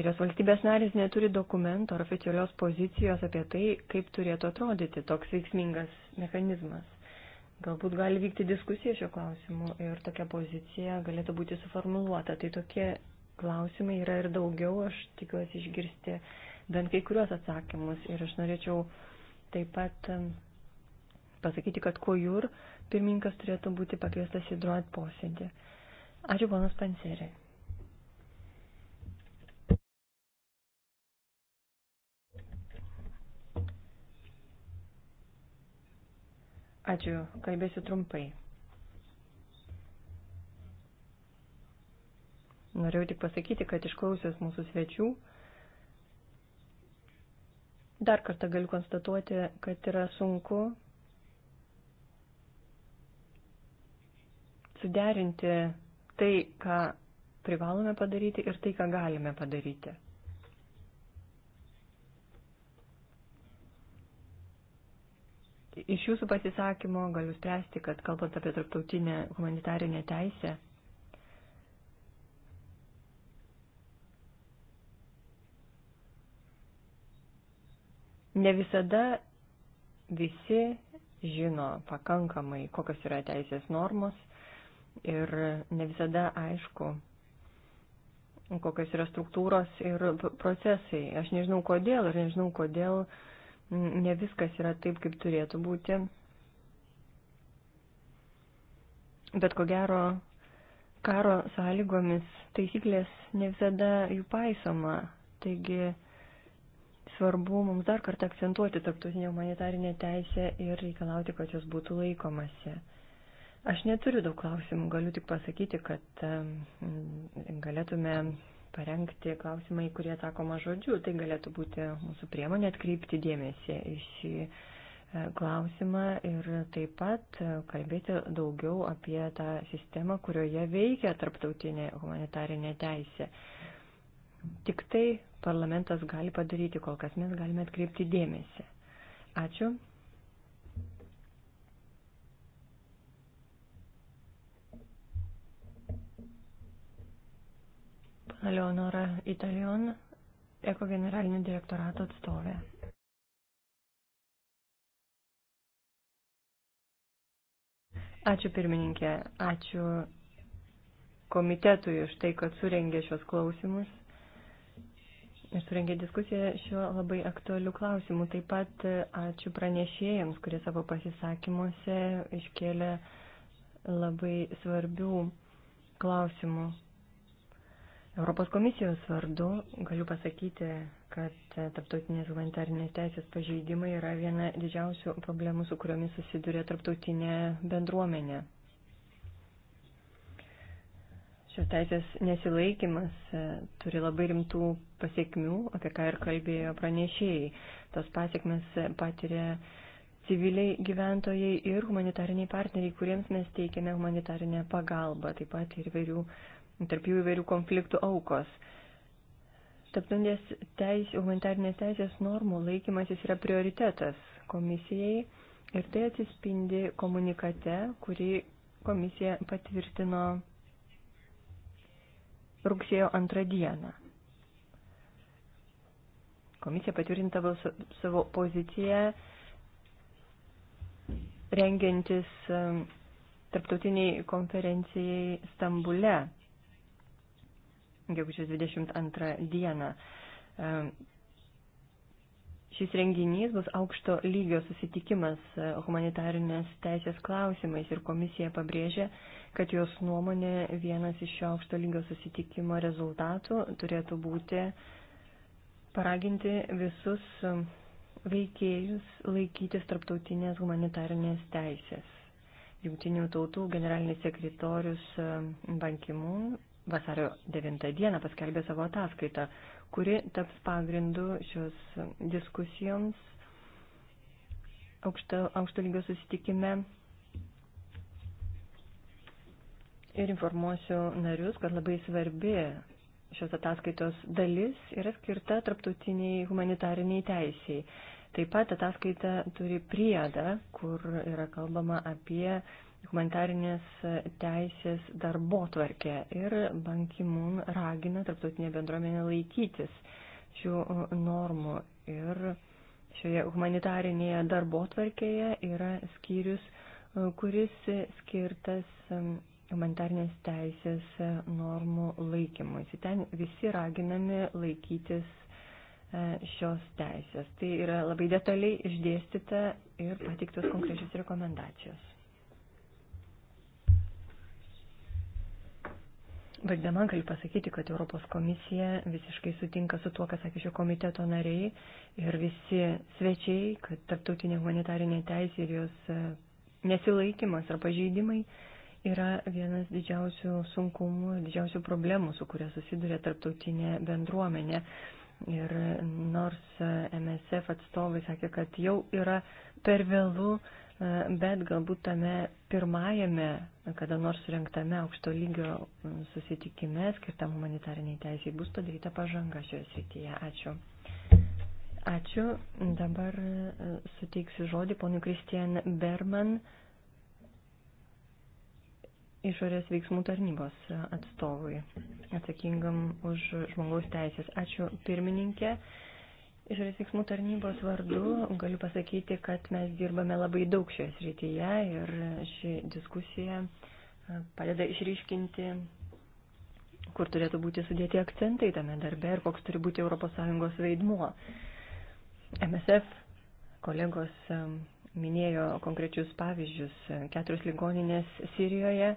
ir jos valstybės narės neturi dokumento ar oficialios pozicijos apie tai, kaip turėtų atrodyti toks veiksmingas mechanizmas? Galbūt gali vykti diskusija šio klausimu ir tokia pozicija galėtų būti suformuluota. Tai tokie klausimai yra ir daugiau, aš tikiuosi išgirsti bent kai kuriuos atsakymus. Ir aš norėčiau taip pat pasakyti, kad kojur pirmininkas turėtų būti pakviestas į druot posėdį. Ačiū, ponas Panseriai. Ačiū, kalbėsiu trumpai. Norėjau tik pasakyti, kad išklausęs mūsų svečių, dar kartą galiu konstatuoti, kad yra sunku suderinti tai, ką privalome padaryti ir tai, ką galime padaryti. Iš jūsų pasisakymo galiu spręsti, kad kalbant apie tarptautinę humanitarinę teisę, ne visada visi žino pakankamai, kokios yra teisės normos ir ne visada aišku, kokios yra struktūros ir procesai. Aš nežinau kodėl ir nežinau kodėl ne viskas yra taip, kaip turėtų būti. Bet ko gero, karo sąlygomis taisyklės ne visada jų paisoma. Taigi svarbu mums dar kartą akcentuoti tarptautinę humanitarinę teisę ir reikalauti, kad jos būtų laikomasi. Aš neturiu daug klausimų, galiu tik pasakyti, kad galėtume parengti klausimai, kurie atsakoma žodžiu. Tai galėtų būti mūsų priemonė atkreipti dėmesį į šį e, klausimą ir taip pat e, kalbėti daugiau apie tą sistemą, kurioje veikia tarptautinė humanitarinė teisė. Tik tai parlamentas gali padaryti, kol kas mes galime atkreipti dėmesį. Ačiū. Leonora Italion, Eko generalinio direktorato atstovė. Ačiū pirmininkė, ačiū komitetui už tai, kad surengė šios klausimus ir surengė diskusiją šiuo labai aktualiu klausimu. Taip pat ačiū pranešėjams, kurie savo pasisakymuose iškėlė labai svarbių klausimų Europos komisijos vardu galiu pasakyti, kad tarptautinės humanitarinės teisės pažeidimai yra viena didžiausių problemų, su kuriomis susiduria tarptautinė bendruomenė. Šios teisės nesilaikimas e, turi labai rimtų pasiekmių, apie ką ir kalbėjo pranešėjai. Tos pasiekmes patiria civiliai gyventojai ir humanitariniai partneriai, kuriems mes teikiame humanitarinę pagalbą, taip pat ir vairių tarp jų įvairių konfliktų aukos. Taptundės teis, humanitarnės teisės normų laikymasis yra prioritetas komisijai ir tai atsispindi komunikate, kurį komisija patvirtino rugsėjo antrą dieną. Komisija patvirtintavo savo poziciją rengiantis um, tarptautiniai konferencijai Stambule gegužės 22 dieną. E, šis renginys bus aukšto lygio susitikimas e, humanitarinės teisės klausimais ir komisija pabrėžė, kad jos nuomonė vienas iš šio aukšto lygio susitikimo rezultatų turėtų būti paraginti visus e, veikėjus laikytis tarptautinės humanitarinės teisės. Jungtinių tautų generalinis sekretorius Bankimun vasario 9 dieną paskelbė savo ataskaitą, kuri taps pagrindu šios diskusijoms aukšto, aukšto lygio susitikime. Ir informuosiu narius, kad labai svarbi šios ataskaitos dalis yra skirta traptautiniai humanitariniai teisiai. Taip pat ataskaita turi priedą, kur yra kalbama apie humanitarinės teisės darbo tvarkę ir bankimun ragina tarptautinė bendruomenė laikytis šių normų. Ir šioje humanitarinėje darbo tvarkėje yra skyrius, kuris skirtas um, humanitarinės teisės uh, normų laikymui. Ten visi raginami laikytis uh, šios teisės. Tai yra labai detaliai išdėstyta ir pateiktos konkrečios rekomendacijos. Baigdama galiu pasakyti, kad Europos komisija visiškai sutinka su tuo, kas sakė šio komiteto nariai ir visi svečiai, kad tarptautinė humanitarinė teisė ir jos e, nesilaikimas ar pažeidimai yra vienas didžiausių sunkumų, didžiausių problemų, su kuria susiduria tarptautinė bendruomenė. Ir nors e, MSF atstovai sakė, kad jau yra per vėlų bet galbūt tame pirmajame, kada nors renktame aukšto lygio susitikime skirtam humanitariniai teisiai bus padaryta pažanga šioje srityje. Ačiū. Ačiū. Dabar e, suteiksiu žodį ponui Kristian Berman išorės veiksmų tarnybos atstovui, atsakingam už žmogaus teisės. Ačiū pirmininkė. Išorės veiksmų tarnybos vardu galiu pasakyti, kad mes dirbame labai daug šioje srityje ir ši diskusija padeda išryškinti, kur turėtų būti sudėti akcentai tame darbe ir koks turi būti ES vaidmuo. MSF kolegos minėjo konkrečius pavyzdžius. Keturios ligoninės Sirijoje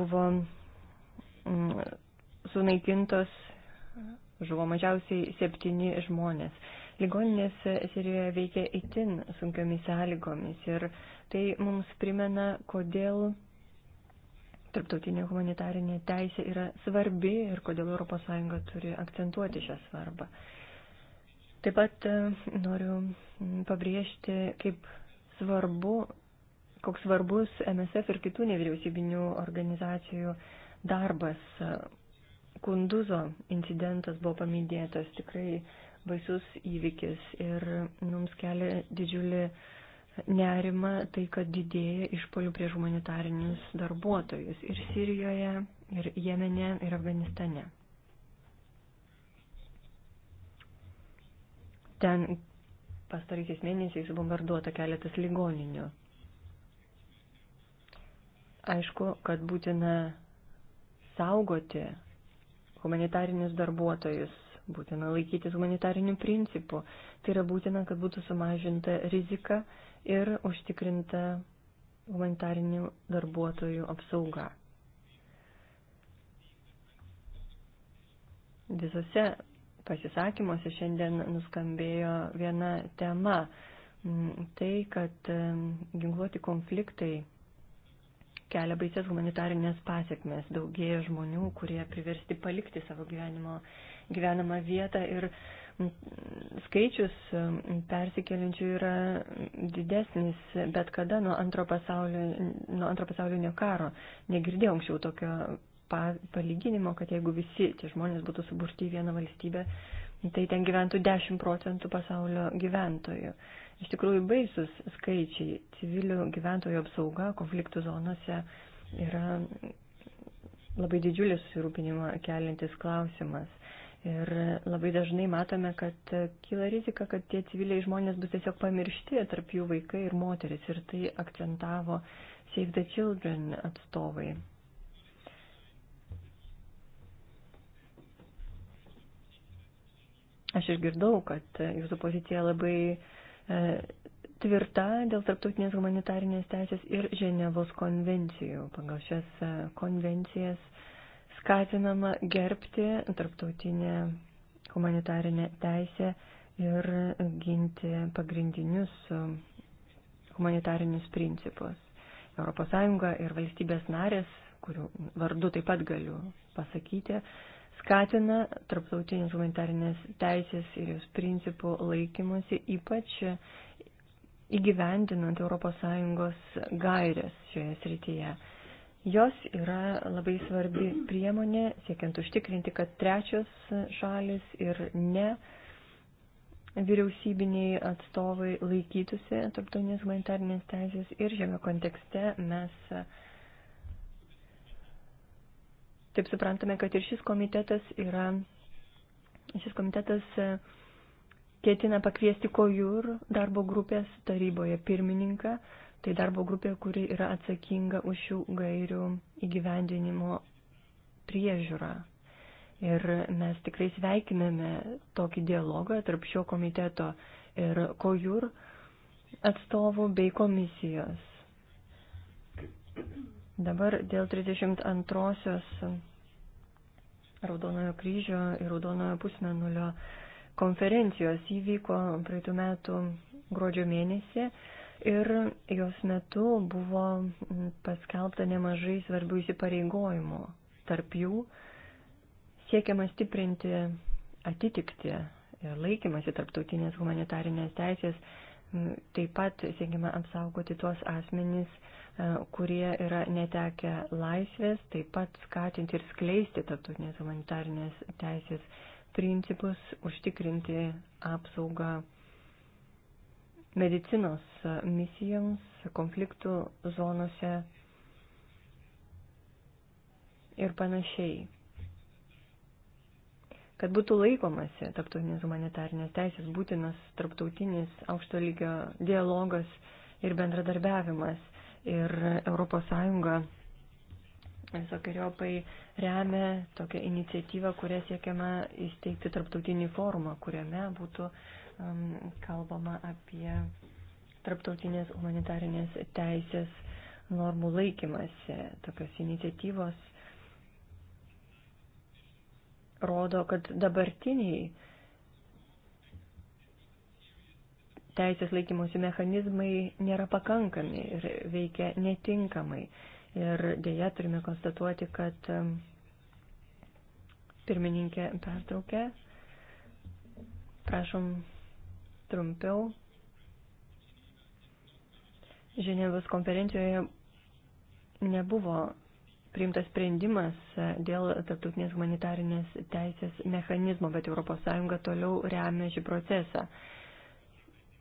buvo sunaikintos žuvo mažiausiai septyni žmonės. Ligoninės Sirijoje veikia itin sunkiomis sąlygomis ir tai mums primena, kodėl tarptautinė humanitarinė teisė yra svarbi ir kodėl ES turi akcentuoti šią svarbą. Taip pat e, noriu pabrėžti, kaip svarbu, koks svarbus MSF ir kitų nevyriausybinių organizacijų darbas Kunduzo incidentas buvo paminėtas, tikrai baisus įvykis ir mums kelia didžiulį nerimą tai, kad didėja išpolių prieš humanitarinius darbuotojus ir Sirijoje, ir Jemene, ir Afganistane. Ten pastaraisiais mėnesiais bombarduota keletas ligoninių. Aišku, kad būtina saugoti humanitarinius darbuotojus, būtina laikytis humanitarinių principų. Tai yra būtina, kad būtų sumažinta rizika ir užtikrinta humanitarinių darbuotojų apsauga. Visose pasisakymuose šiandien nuskambėjo viena tema mm, - tai, kad mm, ginkluoti konfliktai kelia baises humanitarinės pasiekmes. Daugėja žmonių, kurie priversti palikti savo gyvenimo, gyvenamą vietą ir skaičius persikeliančių yra didesnis bet kada nuo antro, pasaulio, nuo antro pasaulinio karo. Negirdėjau anksčiau tokio palyginimo, kad jeigu visi tie žmonės būtų suburti į vieną valstybę, tai ten gyventų 10 procentų pasaulio gyventojų. Uh, Iš tikrųjų baisus skaičiai civilių gyventojų apsauga konfliktų zonose yra labai didžiulis susirūpinimą kelintis klausimas. Ir labai dažnai matome, kad kyla rizika, kad tie civiliai žmonės bus tiesiog pamiršti, tarp jų vaikai ir moteris. Ir tai akcentavo Save the Children atstovai. Aš išgirdau, kad jūsų pozicija labai E, tvirta dėl tarptautinės humanitarinės teisės ir Ženevos konvencijų. Pagal šias e, konvencijas skatinama gerbti tarptautinę humanitarinę teisę ir ginti pagrindinius e, humanitarinius principus. ES ir valstybės narės, kurių vardu taip pat galiu pasakyti, skatina tarptautinės humanitarinės teisės ir jos principų laikymosi, ypač įgyvendinant ES gairias šioje srityje. Jos yra labai svarbi priemonė, siekiant užtikrinti, kad trečios šalis ir ne vyriausybiniai atstovai laikytųsi tarptautinės humanitarnės teisės ir šiame kontekste mes Taip suprantame, kad ir šis komitetas yra, šis komitetas e, ketina pakviesti kojur darbo grupės taryboje pirmininką, tai darbo grupė, kuri yra atsakinga už šių gairių įgyvendinimo priežiūrą. Ir mes tikrai sveikiname tokį dialogą tarp šio komiteto ir kojur atstovų bei komisijos. Dabar dėl 32-osios Raudonojo kryžio ir Raudonojo pusmenulio konferencijos įvyko praeitų metų gruodžio mėnesį ir jos metu buvo paskelbta nemažai svarbių įsipareigojimų. Tarp jų siekiama stiprinti atitikti ir laikymasi tarptautinės humanitarinės teisės Taip pat siekiame apsaugoti tuos asmenys, e, kurie yra netekę laisvės, taip pat skatinti ir skleisti tarptautinės humanitarnės teisės principus, užtikrinti apsaugą medicinos misijoms, konfliktų zonose ir panašiai kad būtų laikomasi taptautinės humanitarnės teisės, būtinas tarptautinis aukšto lygio dialogas ir bendradarbiavimas. Ir ES visokiojopai remia tokią iniciatyvą, kuria siekiama įsteigti tarptautinį forumą, kuriame būtų um, kalbama apie tarptautinės humanitarinės teisės normų laikymasi. Tokios iniciatyvos rodo, kad dabartiniai teisės laikymosi mechanizmai nėra pakankami ir veikia netinkamai. Ir dėja turime konstatuoti, kad um, pirmininkė pertraukė. Prašom trumpiau. Ženevos konferencijoje nebuvo priimtas sprendimas e, dėl tarptautinės humanitarinės teisės mechanizmo, bet ES toliau remia šį procesą.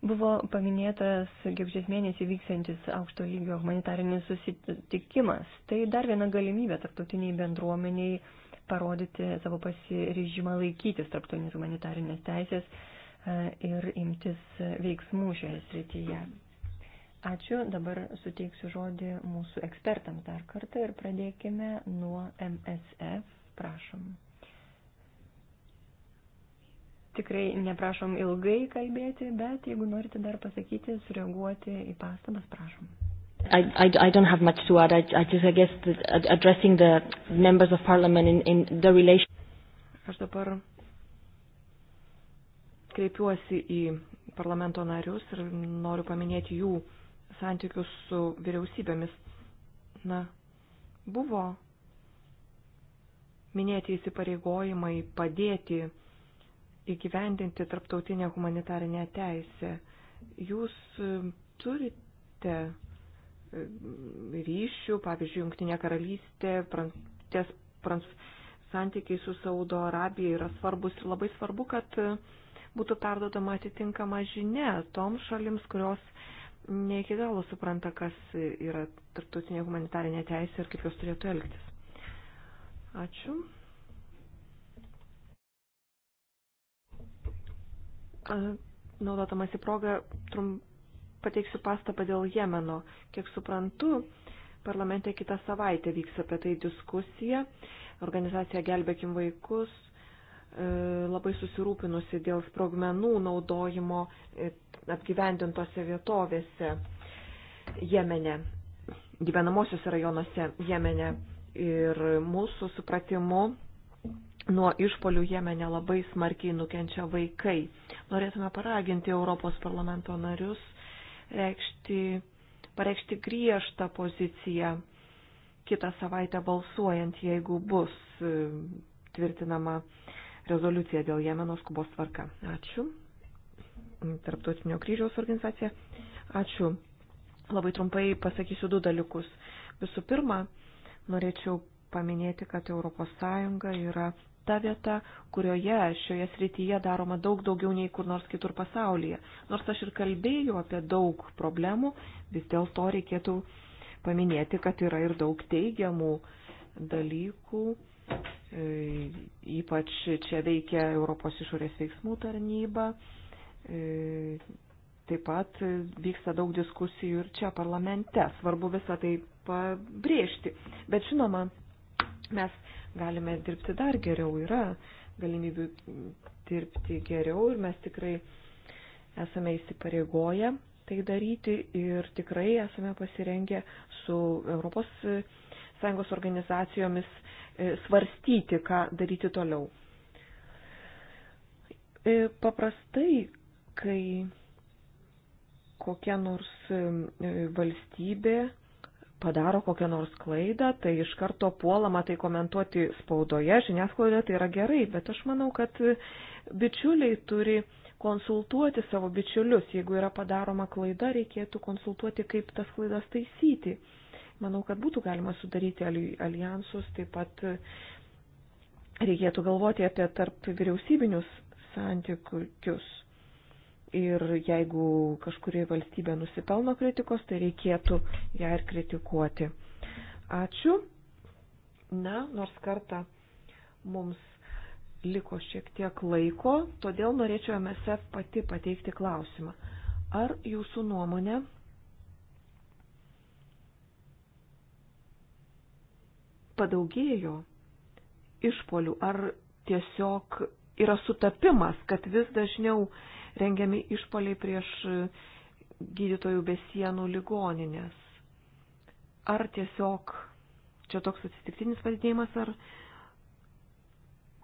Buvo paminėtas gegužės mėnesį vyksiantis aukšto lygio humanitarinis susitikimas. Tai dar viena galimybė tarptautiniai bendruomeniai parodyti savo pasiryžimą laikytis tarptautinės humanitarinės teisės e, ir imtis veiksmų šioje srityje. Ačiū, dabar suteiksiu žodį mūsų ekspertams dar kartą ir pradėkime nuo MSF, prašom. Tikrai neprašom ilgai kalbėti, bet jeigu norite dar pasakyti, sureaguoti į pastabas, prašom. I, I, I don't have much to add. I, I just, I guess, that addressing the members of parliament in, in the relation. Aš dabar kreipiuosi į parlamento narius ir noriu paminėti jų uh, santykius su vyriausybėmis. Na, buvo minėti įsipareigojimai padėti įgyvendinti tarptautinę humanitarinę teisę. Jūs e, turite e, ryšių, pavyzdžiui, Junktinė karalystė, ties prans, santykiai su Saudo Arabija yra svarbus ir labai svarbu, kad e, būtų perdodama atitinkama žinia toms šalims, kurios uh, ne iki galo supranta, kas yra tarptautinė humanitarinė teisė ir kaip jos turėtų elgtis. Ačiū. Naudotamas į progą, trum, pateiksiu pastabą dėl Jemeno. Kiek suprantu, parlamente kitą savaitę vyks apie tai diskusija. Organizacija Gelbėkim vaikus E, labai susirūpinusi dėl sprogmenų naudojimo e, apgyvendintose vietovėse Jemene, gyvenamosiuose rajonuose Jemene. Ir mūsų supratimu nuo išpolių Jemene labai smarkiai nukenčia vaikai. Norėtume paraginti Europos parlamento narius reikšti, pareikšti griežtą poziciją kitą savaitę balsuojant, jeigu bus e, tvirtinama uh, rezoliuciją dėl Jemeno skubos tvarka. Ačiū. Tarptautinio kryžiaus organizacija. Ačiū. Labai trumpai pasakysiu du dalykus. Visų pirma, norėčiau paminėti, kad ES yra ta vieta, kurioje šioje srityje daroma daug daugiau nei kur nors kitur pasaulyje. Nors aš ir kalbėjau apie daug problemų, vis dėlto reikėtų paminėti, kad yra ir daug teigiamų dalykų E, ypač čia veikia Europos išorės veiksmų tarnyba. E, taip pat vyksta daug diskusijų ir čia parlamente. Svarbu visą tai pabrėžti. Bet žinoma, mes galime dirbti dar geriau. Yra galimybių dirbti geriau ir mes tikrai esame įsipareigoję tai daryti ir tikrai esame pasirengę su Europos ES organizacijomis e, svarstyti, ką daryti toliau. E, paprastai, kai kokia nors e, valstybė padaro kokią nors klaidą, tai iš karto puolama tai komentuoti spaudoje, žiniasklaidoje tai yra gerai, bet aš manau, kad bičiuliai turi konsultuoti savo bičiulius. Jeigu yra padaroma klaida, reikėtų konsultuoti, kaip tas klaidas taisyti. Manau, kad būtų galima sudaryti alijansus, taip pat reikėtų galvoti apie tarp vyriausybinius santykius. Ir jeigu kažkuri valstybė nusipelno kritikos, tai reikėtų ją ir kritikuoti. Ačiū. Na, nors kartą mums liko šiek tiek laiko, todėl norėčiau MSF pati pateikti klausimą. Ar jūsų nuomonė padaugėjo išpolių, ar tiesiog yra sutapimas, kad vis dažniau rengiami išpoliai prieš gydytojų besienų ligoninės. Ar tiesiog čia toks atsitiktinis padidėjimas, ar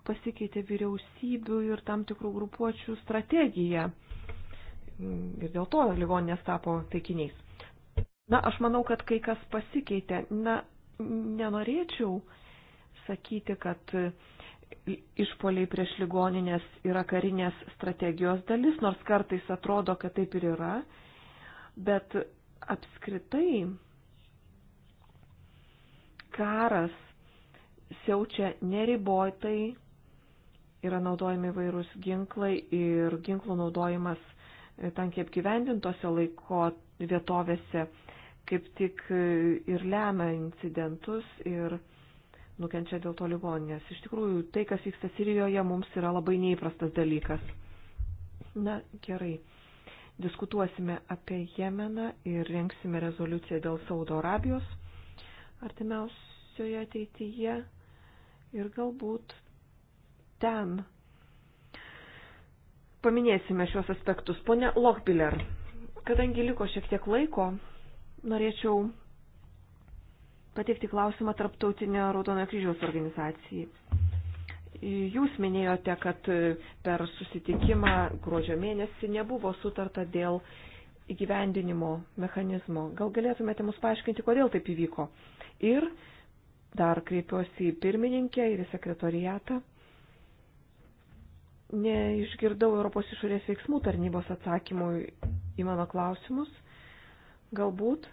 pasikeitė vyriausybių ir tam tikrų grupuočių strategija. Ir dėl to ligoninės tapo taikiniais. Na, aš manau, kad kai kas pasikeitė. Na, nenorėčiau sakyti, kad išpoliai prieš ligoninės yra karinės strategijos dalis, nors kartais atrodo, kad taip ir yra, bet apskritai karas siaučia neribotai, yra naudojami vairūs ginklai ir ginklų naudojimas tankiai apgyvendintose laiko vietovėse kaip tik e, ir lemia incidentus ir nukenčia dėl to ligoninės. Iš tikrųjų, tai, kas vyksta Sirijoje, mums yra labai neįprastas dalykas. Na, gerai. Diskutuosime apie Jemeną ir renksime rezoliuciją dėl Saudo Arabijos artimiausioje ateityje ir galbūt ten paminėsime šios aspektus. Pone Lochbiller, kadangi liko šiek tiek laiko, norėčiau pateikti klausimą Tarptautinio Raudonojo kryžiaus organizacijai. Jūs minėjote, kad per susitikimą gruodžio mėnesį nebuvo sutarta dėl įgyvendinimo mechanizmo. Gal galėtumėte mus paaiškinti, kodėl taip įvyko? Ir dar kreipiuosi į pirmininkę ir į sekretoriatą. Neišgirdau Europos išorės veiksmų tarnybos atsakymų į mano klausimus. Galbūt.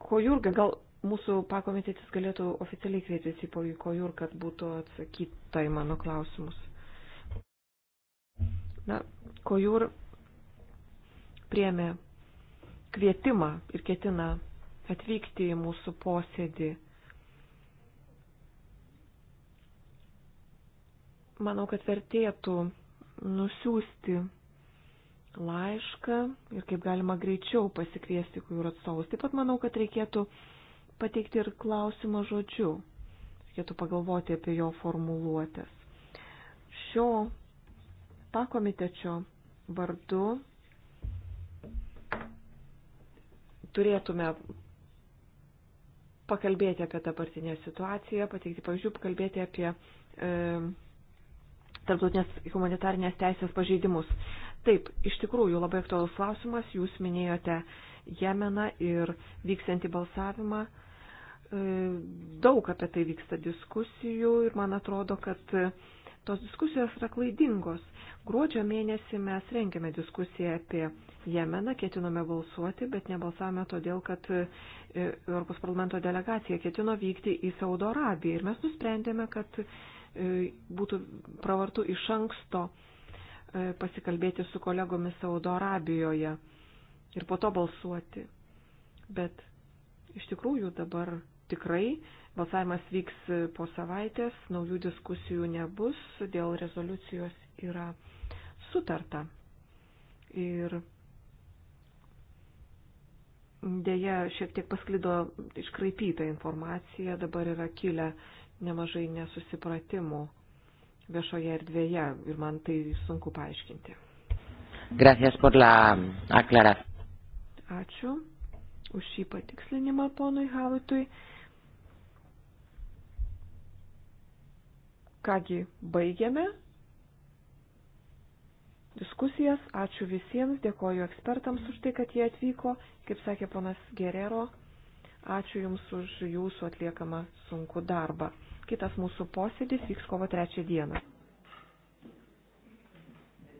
Ko Jurga, gal mūsų pakomitėtis galėtų oficialiai kreiptis į povyko Jur, kad būtų atsakyta į mano klausimus. Na, ko Jur priemė kvietimą ir ketina atvykti į mūsų posėdį. Manau, kad vertėtų nusiųsti laišką ir kaip galima greičiau pasikviesti jų atstovus. Taip pat manau, kad reikėtų pateikti ir klausimą žodžiu. Reikėtų pagalvoti apie jo formuluotės. Šio pakomitečio vardu turėtume pakalbėti apie dabartinę situaciją, pateikti pavyzdžių, pakalbėti apie e, tarptautinės humanitarinės teisės pažeidimus. Taip, iš tikrųjų labai aktualus klausimas. Jūs minėjote Jemeną ir vyksiantį balsavimą. E, daug apie tai vyksta diskusijų ir man atrodo, kad tos diskusijos yra klaidingos. Gruodžio mėnesį mes rengėme diskusiją apie Jemeną, ketinome balsuoti, bet nebalsavome todėl, kad e, Europos parlamento delegacija ketino vykti į Saudo Arabiją ir mes nusprendėme, kad e, būtų pravartu iš anksto E, pasikalbėti su kolegomis Saudo Arabijoje ir po to balsuoti. Bet iš tikrųjų dabar tikrai balsavimas vyks po savaitės, naujų diskusijų nebus, dėl rezoliucijos yra sutarta. Ir dėja šiek tiek pasklido iškraipyta informacija, dabar yra kilę nemažai nesusipratimų viešoje erdvėje ir man tai sunku paaiškinti. Gracias por la aclaración. Ačiū už šį patikslinimą ponui Havitui. Kągi, baigiame diskusijas. Ačiū visiems, dėkoju ekspertams už tai, kad jie atvyko. Kaip sakė ponas Gerero, ačiū Jums už Jūsų atliekamą sunkų darbą. Kitas mūsų posėdis vyks kovo trečią dieną.